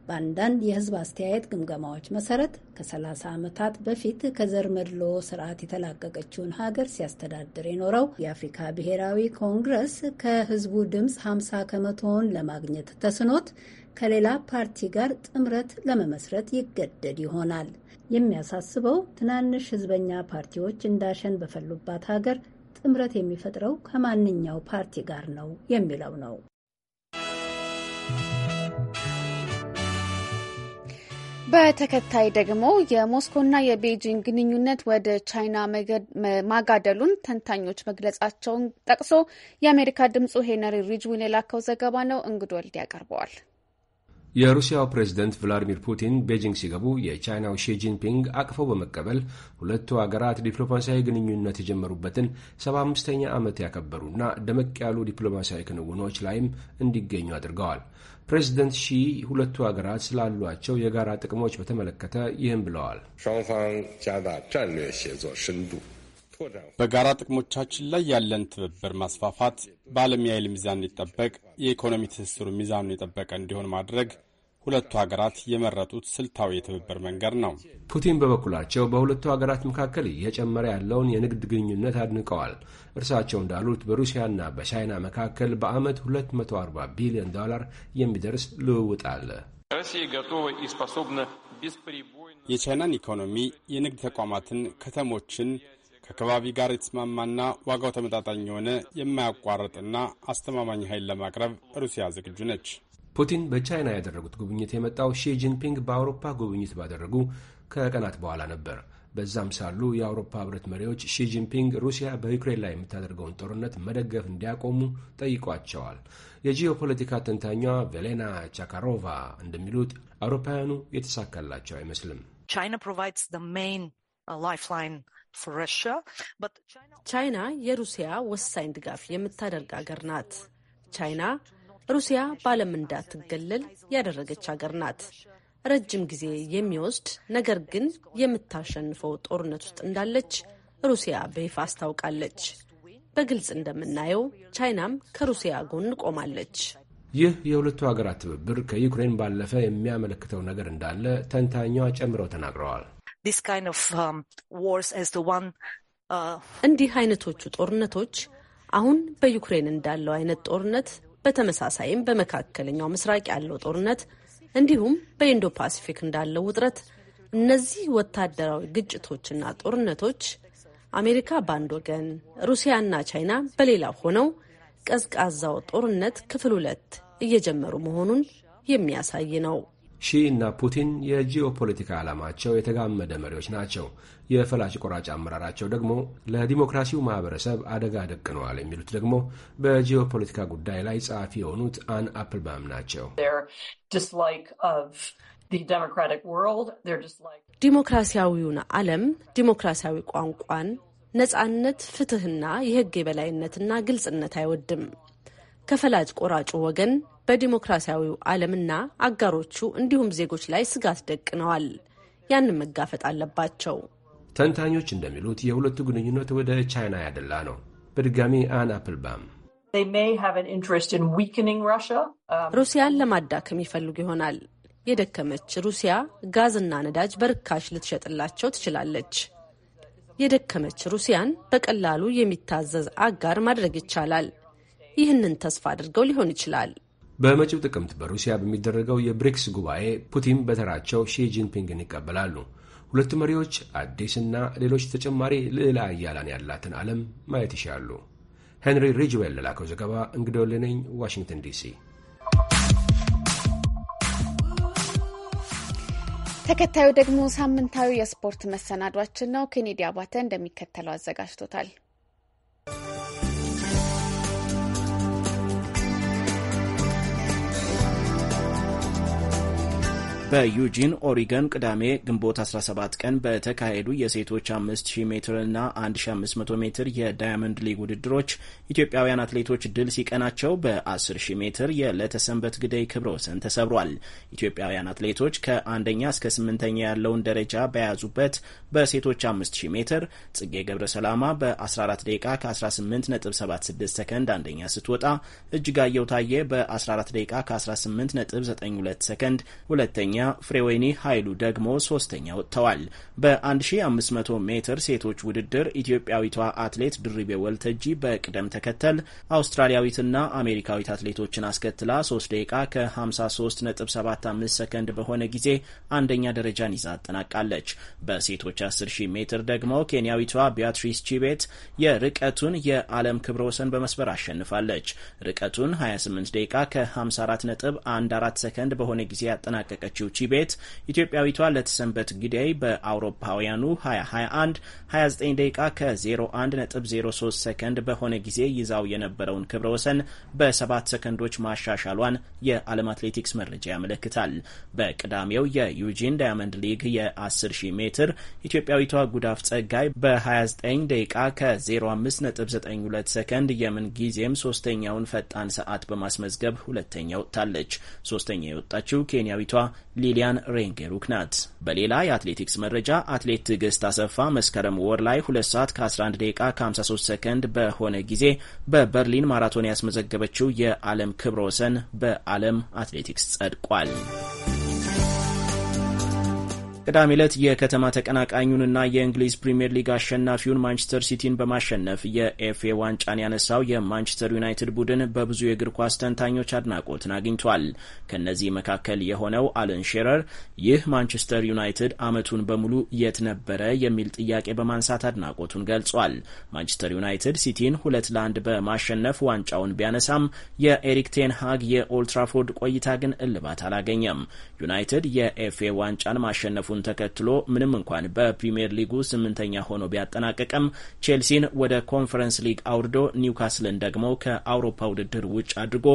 በአንዳንድ የህዝብ አስተያየት ግምገማዎች መሰረት ከ30 ዓመታት በፊት ከዘር መድሎ ስርዓት የተላቀቀችውን ሀገር ሲያስተዳድር የኖረው የአፍሪካ ብሔራዊ ኮንግረስ ከህዝቡ ድምፅ 50 ከመቶውን ለማግኘት ተስኖት ከሌላ ፓርቲ ጋር ጥምረት ለመመስረት ይገደድ ይሆናል። የሚያሳስበው ትናንሽ ህዝበኛ ፓርቲዎች እንዳሸን በፈሉባት ሀገር ጥምረት የሚፈጥረው ከማንኛው ፓርቲ ጋር ነው የሚለው ነው። በተከታይ ደግሞ የሞስኮና የቤጂንግ ግንኙነት ወደ ቻይና ማጋደሉን ተንታኞች መግለጻቸውን ጠቅሶ የአሜሪካ ድምጹ ሄነሪ ሪጅዊን የላከው ዘገባ ነው። እንግዶ ወልድ ያቀርበዋል። የሩሲያው ፕሬዝደንት ቭላዲሚር ፑቲን ቤጂንግ ሲገቡ የቻይናው ሺጂንፒንግ አቅፈው በመቀበል ሁለቱ አገራት ዲፕሎማሲያዊ ግንኙነት የጀመሩበትን ሰባ 5ምስተኛ ዓመት ያከበሩና ደመቅ ያሉ ዲፕሎማሲያዊ ክንውኖች ላይም እንዲገኙ አድርገዋል። ፕሬዚደንት ሺ ሁለቱ ሀገራት ስላሏቸው የጋራ ጥቅሞች በተመለከተ ይህም ብለዋል። በጋራ ጥቅሞቻችን ላይ ያለን ትብብር ማስፋፋት፣ በዓለም የኃይል ሚዛን እንዲጠበቅ፣ የኢኮኖሚ ትስስሩ ሚዛኑን የጠበቀ እንዲሆን ማድረግ ሁለቱ ሀገራት የመረጡት ስልታዊ የትብብር መንገድ ነው። ፑቲን በበኩላቸው በሁለቱ ሀገራት መካከል እየጨመረ ያለውን የንግድ ግንኙነት አድንቀዋል። እርሳቸው እንዳሉት በሩሲያና በቻይና መካከል በዓመት 240 ቢሊዮን ዶላር የሚደርስ ልውውጥ አለ። የቻይናን ኢኮኖሚ፣ የንግድ ተቋማትን፣ ከተሞችን ከከባቢ ጋር የተስማማና ዋጋው ተመጣጣኝ የሆነ የማያቋርጥና አስተማማኝ ኃይል ለማቅረብ ሩሲያ ዝግጁ ነች። ፑቲን በቻይና ያደረጉት ጉብኝት የመጣው ሺጂንፒንግ በአውሮፓ ጉብኝት ባደረጉ ከቀናት በኋላ ነበር። በዛም ሳሉ የአውሮፓ ህብረት መሪዎች ሺጂንፒንግ ሩሲያ በዩክሬን ላይ የምታደርገውን ጦርነት መደገፍ እንዲያቆሙ ጠይቋቸዋል። የጂኦፖለቲካ ተንታኟ ቬሌና ቻካሮቫ እንደሚሉት አውሮፓውያኑ የተሳካላቸው አይመስልም። ቻይና የሩሲያ ወሳኝ ድጋፍ የምታደርግ አገር ናት። ቻይና ሩሲያ በዓለም እንዳትገለል ያደረገች ሀገር ናት። ረጅም ጊዜ የሚወስድ ነገር ግን የምታሸንፈው ጦርነት ውስጥ እንዳለች ሩሲያ በይፋ አስታውቃለች። በግልጽ እንደምናየው ቻይናም ከሩሲያ ጎን ቆማለች። ይህ የሁለቱ ሀገራት ትብብር ከዩክሬን ባለፈ የሚያመለክተው ነገር እንዳለ ተንታኟ ጨምረው ተናግረዋል። um, uh, እንዲህ አይነቶቹ ጦርነቶች አሁን በዩክሬን እንዳለው አይነት ጦርነት በተመሳሳይም በመካከለኛው ምስራቅ ያለው ጦርነት እንዲሁም በኢንዶ ፓሲፊክ እንዳለው ውጥረት እነዚህ ወታደራዊ ግጭቶችና ጦርነቶች አሜሪካ በአንድ ወገን ሩሲያና ቻይና በሌላ ሆነው ቀዝቃዛው ጦርነት ክፍል ሁለት እየጀመሩ መሆኑን የሚያሳይ ነው። ሺ እና ፑቲን የጂኦፖለቲካ ዓላማቸው የተጋመደ መሪዎች ናቸው። የፈላጭ ቆራጭ አመራራቸው ደግሞ ለዲሞክራሲው ማህበረሰብ አደጋ ደቅነዋል የሚሉት ደግሞ በጂኦፖለቲካ ጉዳይ ላይ ጸሐፊ የሆኑት አን አፕልባም ናቸው። ዲሞክራሲያዊውን ዓለም፣ ዲሞክራሲያዊ ቋንቋን፣ ነጻነት፣ ፍትህና የህግ የበላይነትና ግልጽነት አይወድም። ከፈላጭ ቆራጩ ወገን በዲሞክራሲያዊው ዓለምና አጋሮቹ እንዲሁም ዜጎች ላይ ስጋት ደቅነዋል። ያንን መጋፈጥ አለባቸው። ተንታኞች እንደሚሉት የሁለቱ ግንኙነት ወደ ቻይና ያደላ ነው። በድጋሚ አን አፕልባም um, ሩሲያን ለማዳከም ይፈልጉ ይሆናል። የደከመች ሩሲያ ጋዝና ነዳጅ በርካሽ ልትሸጥላቸው ትችላለች። የደከመች ሩሲያን በቀላሉ የሚታዘዝ አጋር ማድረግ ይቻላል። ይህንን ተስፋ አድርገው ሊሆን ይችላል። በመጪው ጥቅምት በሩሲያ በሚደረገው የብሪክስ ጉባኤ ፑቲን በተራቸው ሺጂንፒንግን ይቀበላሉ። ሁለቱ መሪዎች አዲስና ሌሎች ተጨማሪ ልዕለ እያላን ያላትን ዓለም ማየት ይሻሉ። ሄንሪ ሪጅዌል ለላከው ዘገባ እንግዶልነኝ ዋሽንግተን ዲሲ። ተከታዩ ደግሞ ሳምንታዊ የስፖርት መሰናዷችን ነው። ኬኔዲ አባተ እንደሚከተለው አዘጋጅቶታል። በዩጂን ኦሪገን ቅዳሜ ግንቦት 17 ቀን በተካሄዱ የሴቶች 5000 ሜትር እና 1500 ሜትር የዳያመንድ ሊግ ውድድሮች ኢትዮጵያውያን አትሌቶች ድል ሲቀናቸው በ10000 ሜትር የለተሰንበት ግደይ ክብረ ወሰን ተሰብሯል። ኢትዮጵያውያን አትሌቶች ከአንደኛ እስከ ስምንተኛ ያለውን ደረጃ በያዙበት በሴቶች 5000 ሜትር ጽጌ ገብረ ሰላማ በ14 ደቂቃ ከ18.76 ሰከንድ አንደኛ ስትወጣ እጅጋየው ታየ በ14 ደቂቃ ከ18.92 ሰከንድ ሁለተኛ ፍሬወይኒ ኃይሉ ደግሞ ሶስተኛ ወጥተዋል። በ1500 ሜትር ሴቶች ውድድር ኢትዮጵያዊቷ አትሌት ድሪቤ ወልተጂ በቅደም ተከተል አውስትራሊያዊትና አሜሪካዊት አትሌቶችን አስከትላ 3 ደቂቃ ከ53.75 ሰከንድ በሆነ ጊዜ አንደኛ ደረጃን ይዛ አጠናቃለች። በሴቶች 10000 ሜትር ደግሞ ኬንያዊቷ ቢያትሪስ ቺቤት የርቀቱን የዓለም ክብረ ወሰን በመስበር አሸንፋለች። ርቀቱን 28 ደቂቃ ከ54.14 ሰከንድ በሆነ ጊዜ ያጠናቀቀችው በሆነችው ቺቤት ኢትዮጵያዊቷ ለተሰንበት ጊዳይ በአውሮፓውያኑ 2021 29 ደቂቃ ከ01.03 ሰከንድ በሆነ ጊዜ ይዛው የነበረውን ክብረ ወሰን በሰባት ሰከንዶች ማሻሻሏን የዓለም አትሌቲክስ መረጃ ያመለክታል። በቅዳሜው የዩጂን ዳያመንድ ሊግ የ ሺ ሜትር ኢትዮጵያዊቷ ጉዳፍ ጸጋይ በ29 ደቂቃ ከ05.92 ሰከንድ የምን ጊዜም ሶስተኛውን ፈጣን ሰዓት በማስመዝገብ ሁለተኛ ወጥታለች። ሶስተኛ የወጣችው ኬንያዊቷ ሊሊያን ሬንኬሩክ ናት። በሌላ የአትሌቲክስ መረጃ አትሌት ትዕግስት አሰፋ መስከረም ወር ላይ 2 ሰዓት ከ11 ደቂቃ ከ53 ሰከንድ በሆነ ጊዜ በበርሊን ማራቶን ያስመዘገበችው የዓለም ክብረ ወሰን በዓለም አትሌቲክስ ጸድቋል። ቅዳሜ ዕለት የከተማ ተቀናቃኙንና የእንግሊዝ ፕሪምየር ሊግ አሸናፊውን ማንቸስተር ሲቲን በማሸነፍ የኤፍኤ ዋንጫን ያነሳው የማንቸስተር ዩናይትድ ቡድን በብዙ የእግር ኳስ ተንታኞች አድናቆትን አግኝቷል። ከእነዚህ መካከል የሆነው አለን ሼረር ይህ ማንቸስተር ዩናይትድ ዓመቱን በሙሉ የት ነበረ የሚል ጥያቄ በማንሳት አድናቆቱን ገልጿል። ማንቸስተር ዩናይትድ ሲቲን ሁለት ለአንድ በማሸነፍ ዋንጫውን ቢያነሳም የኤሪክ ቴንሃግ የኦልትራፎርድ ቆይታ ግን እልባት አላገኘም። ዩናይትድ የኤፍኤ ዋንጫን ማሸነፉ መሸነፉን ተከትሎ ምንም እንኳን በፕሪምየር ሊጉ ስምንተኛ ሆኖ ቢያጠናቀቅም ቼልሲን ወደ ኮንፈረንስ ሊግ አውርዶ ኒውካስልን ደግሞ ከአውሮፓ ውድድር ውጭ አድርጎ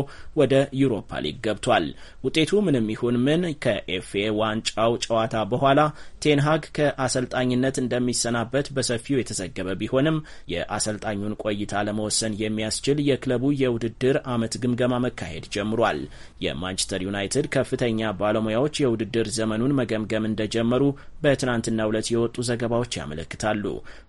ወደ ዩሮፓ ሊግ ገብቷል። ውጤቱ ምንም ይሁን ምን ከኤፍኤ ዋንጫው ጨዋታ በኋላ ቴንሃግ ከአሰልጣኝነት እንደሚሰናበት በሰፊው የተዘገበ ቢሆንም የአሰልጣኙን ቆይታ ለመወሰን የሚያስችል የክለቡ የውድድር ዓመት ግምገማ መካሄድ ጀምሯል። የማንቸስተር ዩናይትድ ከፍተኛ ባለሙያዎች የውድድር ዘመኑን መገምገም እንደጀመ እንደጀመሩ በትናንትናው ዕለት የወጡ ዘገባዎች ያመለክታሉ።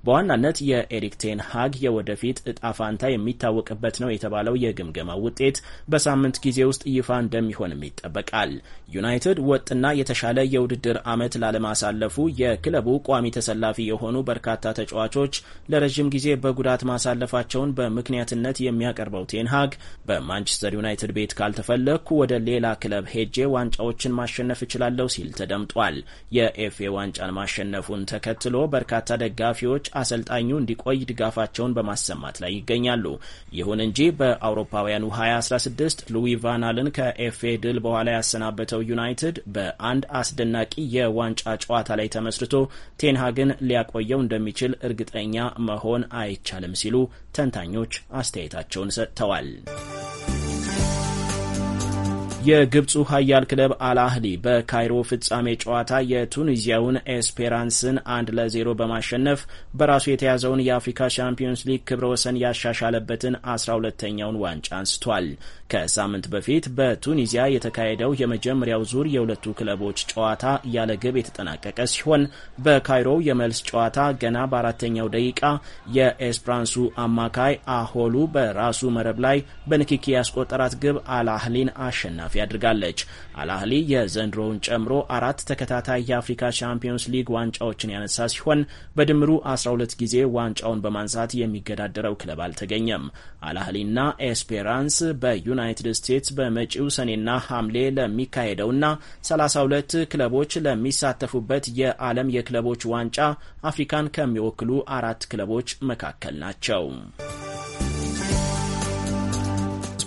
በዋናነት የኤሪክ ቴን ሃግ የወደፊት እጣ ፋንታ የሚታወቅበት ነው የተባለው የግምገማ ውጤት በሳምንት ጊዜ ውስጥ ይፋ እንደሚሆንም ይጠበቃል። ዩናይትድ ወጥና የተሻለ የውድድር ዓመት ላለማሳለፉ የክለቡ ቋሚ ተሰላፊ የሆኑ በርካታ ተጫዋቾች ለረዥም ጊዜ በጉዳት ማሳለፋቸውን በምክንያትነት የሚያቀርበው ቴን ሃግ በማንቸስተር ዩናይትድ ቤት ካልተፈለግኩ ወደ ሌላ ክለብ ሄጄ ዋንጫዎችን ማሸነፍ እችላለሁ ሲል ተደምጧል። የ የኤፍኤ ዋንጫን ማሸነፉን ተከትሎ በርካታ ደጋፊዎች አሰልጣኙ እንዲቆይ ድጋፋቸውን በማሰማት ላይ ይገኛሉ። ይሁን እንጂ በአውሮፓውያኑ 2016 ሉዊ ቫናልን ከኤፍኤ ድል በኋላ ያሰናበተው ዩናይትድ በአንድ አስደናቂ የዋንጫ ጨዋታ ላይ ተመስርቶ ቴንሃግን ሊያቆየው እንደሚችል እርግጠኛ መሆን አይቻልም ሲሉ ተንታኞች አስተያየታቸውን ሰጥተዋል። የግብፁ ኃያል ክለብ አልአህሊ በካይሮ ፍጻሜ ጨዋታ የቱኒዚያውን ኤስፔራንስን አንድ ለዜሮ በማሸነፍ በራሱ የተያዘውን የአፍሪካ ሻምፒዮንስ ሊግ ክብረ ወሰን ያሻሻለበትን አስራ ሁለተኛውን ዋንጫ አንስቷል። ከሳምንት በፊት በቱኒዚያ የተካሄደው የመጀመሪያው ዙር የሁለቱ ክለቦች ጨዋታ ያለ ግብ የተጠናቀቀ ሲሆን በካይሮው የመልስ ጨዋታ ገና በአራተኛው ደቂቃ የኤስፕራንሱ አማካይ አሆሉ በራሱ መረብ ላይ በንክኪ ያስቆጠራት ግብ አልአህሊን አሸናፊ አድርጋለች። አልአህሊ የዘንድሮውን ጨምሮ አራት ተከታታይ የአፍሪካ ቻምፒዮንስ ሊግ ዋንጫዎችን ያነሳ ሲሆን በድምሩ 12 ጊዜ ዋንጫውን በማንሳት የሚገዳደረው ክለብ አልተገኘም። አልአህሊና ኤስፔራንስ በዩና ዩናይትድ ስቴትስ በመጪው ሰኔና ሐምሌ ለሚካሄደውና 32 ክለቦች ለሚሳተፉበት የዓለም የክለቦች ዋንጫ አፍሪካን ከሚወክሉ አራት ክለቦች መካከል ናቸው።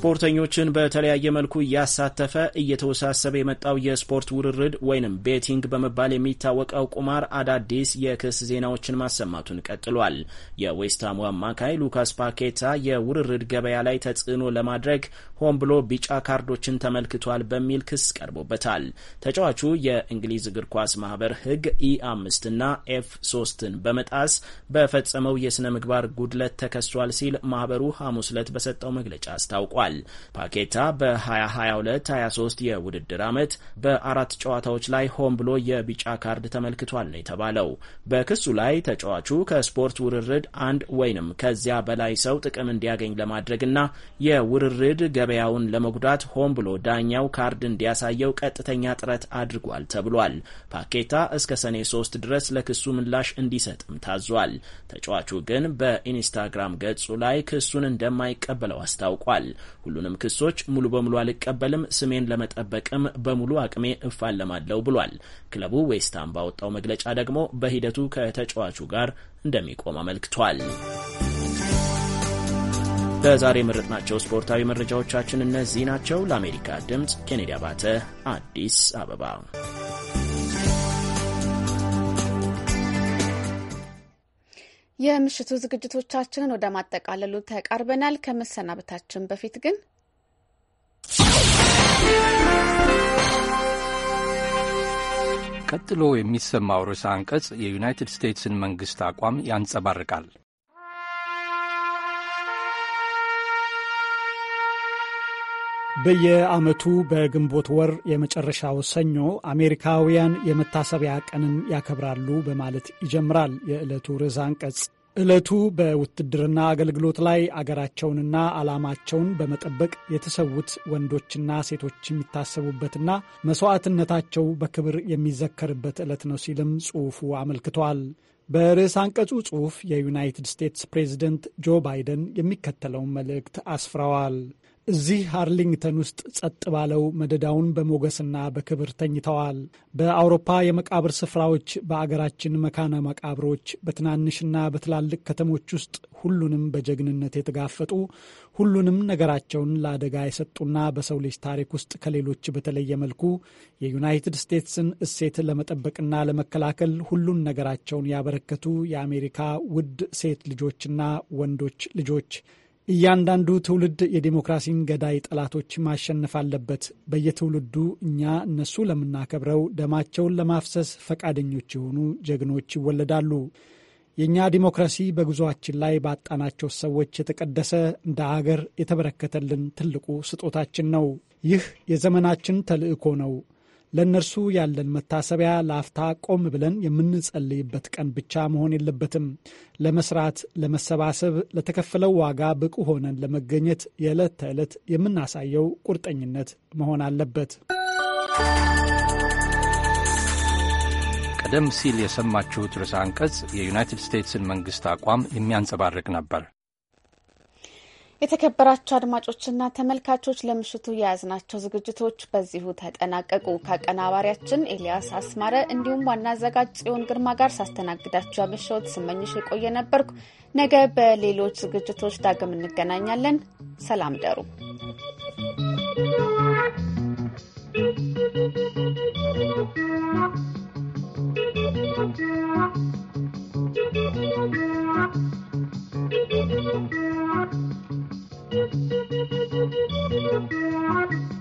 ስፖርተኞችን በተለያየ መልኩ እያሳተፈ እየተወሳሰበ የመጣው የስፖርት ውርርድ ወይንም ቤቲንግ በመባል የሚታወቀው ቁማር አዳዲስ የክስ ዜናዎችን ማሰማቱን ቀጥሏል። የዌስትሃሙ አማካይ ሉካስ ፓኬታ የውርርድ ገበያ ላይ ተጽዕኖ ለማድረግ ሆን ብሎ ቢጫ ካርዶችን ተመልክቷል በሚል ክስ ቀርቦበታል። ተጫዋቹ የእንግሊዝ እግር ኳስ ማህበር ህግ ኢ e አምስት እና ኤፍ ሶስትን በመጣስ በፈጸመው የስነ ምግባር ጉድለት ተከሷል ሲል ማህበሩ ሐሙስ ዕለት በሰጠው መግለጫ አስታውቋል። ፓኬታ በ2022/23 የውድድር ዓመት በአራት ጨዋታዎች ላይ ሆን ብሎ የቢጫ ካርድ ተመልክቷል ነው የተባለው። በክሱ ላይ ተጫዋቹ ከስፖርት ውርርድ አንድ ወይንም ከዚያ በላይ ሰው ጥቅም እንዲያገኝ ለማድረግና የውርርድ ገበ ገበያውን ለመጉዳት ሆን ብሎ ዳኛው ካርድ እንዲያሳየው ቀጥተኛ ጥረት አድርጓል ተብሏል። ፓኬታ እስከ ሰኔ ሶስት ድረስ ለክሱ ምላሽ እንዲሰጥም ታዟል። ተጫዋቹ ግን በኢንስታግራም ገጹ ላይ ክሱን እንደማይቀበለው አስታውቋል። ሁሉንም ክሶች ሙሉ በሙሉ አልቀበልም፣ ስሜን ለመጠበቅም በሙሉ አቅሜ እፋለማለሁ ብሏል። ክለቡ ዌስታም ባወጣው መግለጫ ደግሞ በሂደቱ ከተጫዋቹ ጋር እንደሚቆም አመልክቷል። ለዛሬ የመረጥናቸው ስፖርታዊ መረጃዎቻችን እነዚህ ናቸው። ለአሜሪካ ድምፅ ኬኔዲ አባተ፣ አዲስ አበባ። የምሽቱ ዝግጅቶቻችንን ወደ ማጠቃለሉ ተቃርበናል። ከመሰናበታችን በፊት ግን ቀጥሎ የሚሰማው ርዕሰ አንቀጽ የዩናይትድ ስቴትስን መንግስት አቋም ያንጸባርቃል። በየዓመቱ በግንቦት ወር የመጨረሻው ሰኞ አሜሪካውያን የመታሰቢያ ቀንን ያከብራሉ በማለት ይጀምራል የዕለቱ ርዕሰ አንቀጽ። ዕለቱ በውትድርና አገልግሎት ላይ አገራቸውንና ዓላማቸውን በመጠበቅ የተሰዉት ወንዶችና ሴቶች የሚታሰቡበትና መሥዋዕትነታቸው በክብር የሚዘከርበት ዕለት ነው ሲልም ጽሑፉ አመልክቷል። በርዕስ አንቀጹ ጽሑፍ የዩናይትድ ስቴትስ ፕሬዝደንት ጆ ባይደን የሚከተለውን መልእክት አስፍረዋል። እዚህ አርሊንግተን ውስጥ ጸጥ ባለው መደዳውን በሞገስና በክብር ተኝተዋል። በአውሮፓ የመቃብር ስፍራዎች፣ በአገራችን መካነ መቃብሮች፣ በትናንሽና በትላልቅ ከተሞች ውስጥ ሁሉንም በጀግንነት የተጋፈጡ ሁሉንም ነገራቸውን ለአደጋ የሰጡና በሰው ልጅ ታሪክ ውስጥ ከሌሎች በተለየ መልኩ የዩናይትድ ስቴትስን እሴት ለመጠበቅና ለመከላከል ሁሉን ነገራቸውን ያበረከቱ የአሜሪካ ውድ ሴት ልጆችና ወንዶች ልጆች እያንዳንዱ ትውልድ የዴሞክራሲን ገዳይ ጠላቶች ማሸነፍ አለበት። በየትውልዱ እኛ እነሱ ለምናከብረው ደማቸውን ለማፍሰስ ፈቃደኞች የሆኑ ጀግኖች ይወለዳሉ። የእኛ ዲሞክራሲ በጉዞአችን ላይ ባጣናቸው ሰዎች የተቀደሰ እንደ አገር የተበረከተልን ትልቁ ስጦታችን ነው። ይህ የዘመናችን ተልዕኮ ነው። ለእነርሱ ያለን መታሰቢያ ላፍታ ቆም ብለን የምንጸልይበት ቀን ብቻ መሆን የለበትም። ለመስራት፣ ለመሰባሰብ፣ ለተከፈለው ዋጋ ብቁ ሆነን ለመገኘት የዕለት ተዕለት የምናሳየው ቁርጠኝነት መሆን አለበት። ቀደም ሲል የሰማችሁት ርዕሰ አንቀጽ የዩናይትድ ስቴትስን መንግሥት አቋም የሚያንጸባርቅ ነበር። የተከበራቸው አድማጮችና ተመልካቾች ለምሽቱ የያዝናቸው ዝግጅቶች በዚሁ ተጠናቀቁ። ከአቀናባሪያችን ኤልያስ አስማረ እንዲሁም ዋና አዘጋጅ ጽዮን ግርማ ጋር ሳስተናግዳችሁ ያመሸሁት ስመኝሽ የቆየ ነበርኩ። ነገ በሌሎች ዝግጅቶች ዳግም እንገናኛለን። ሰላም ደሩ Thank you.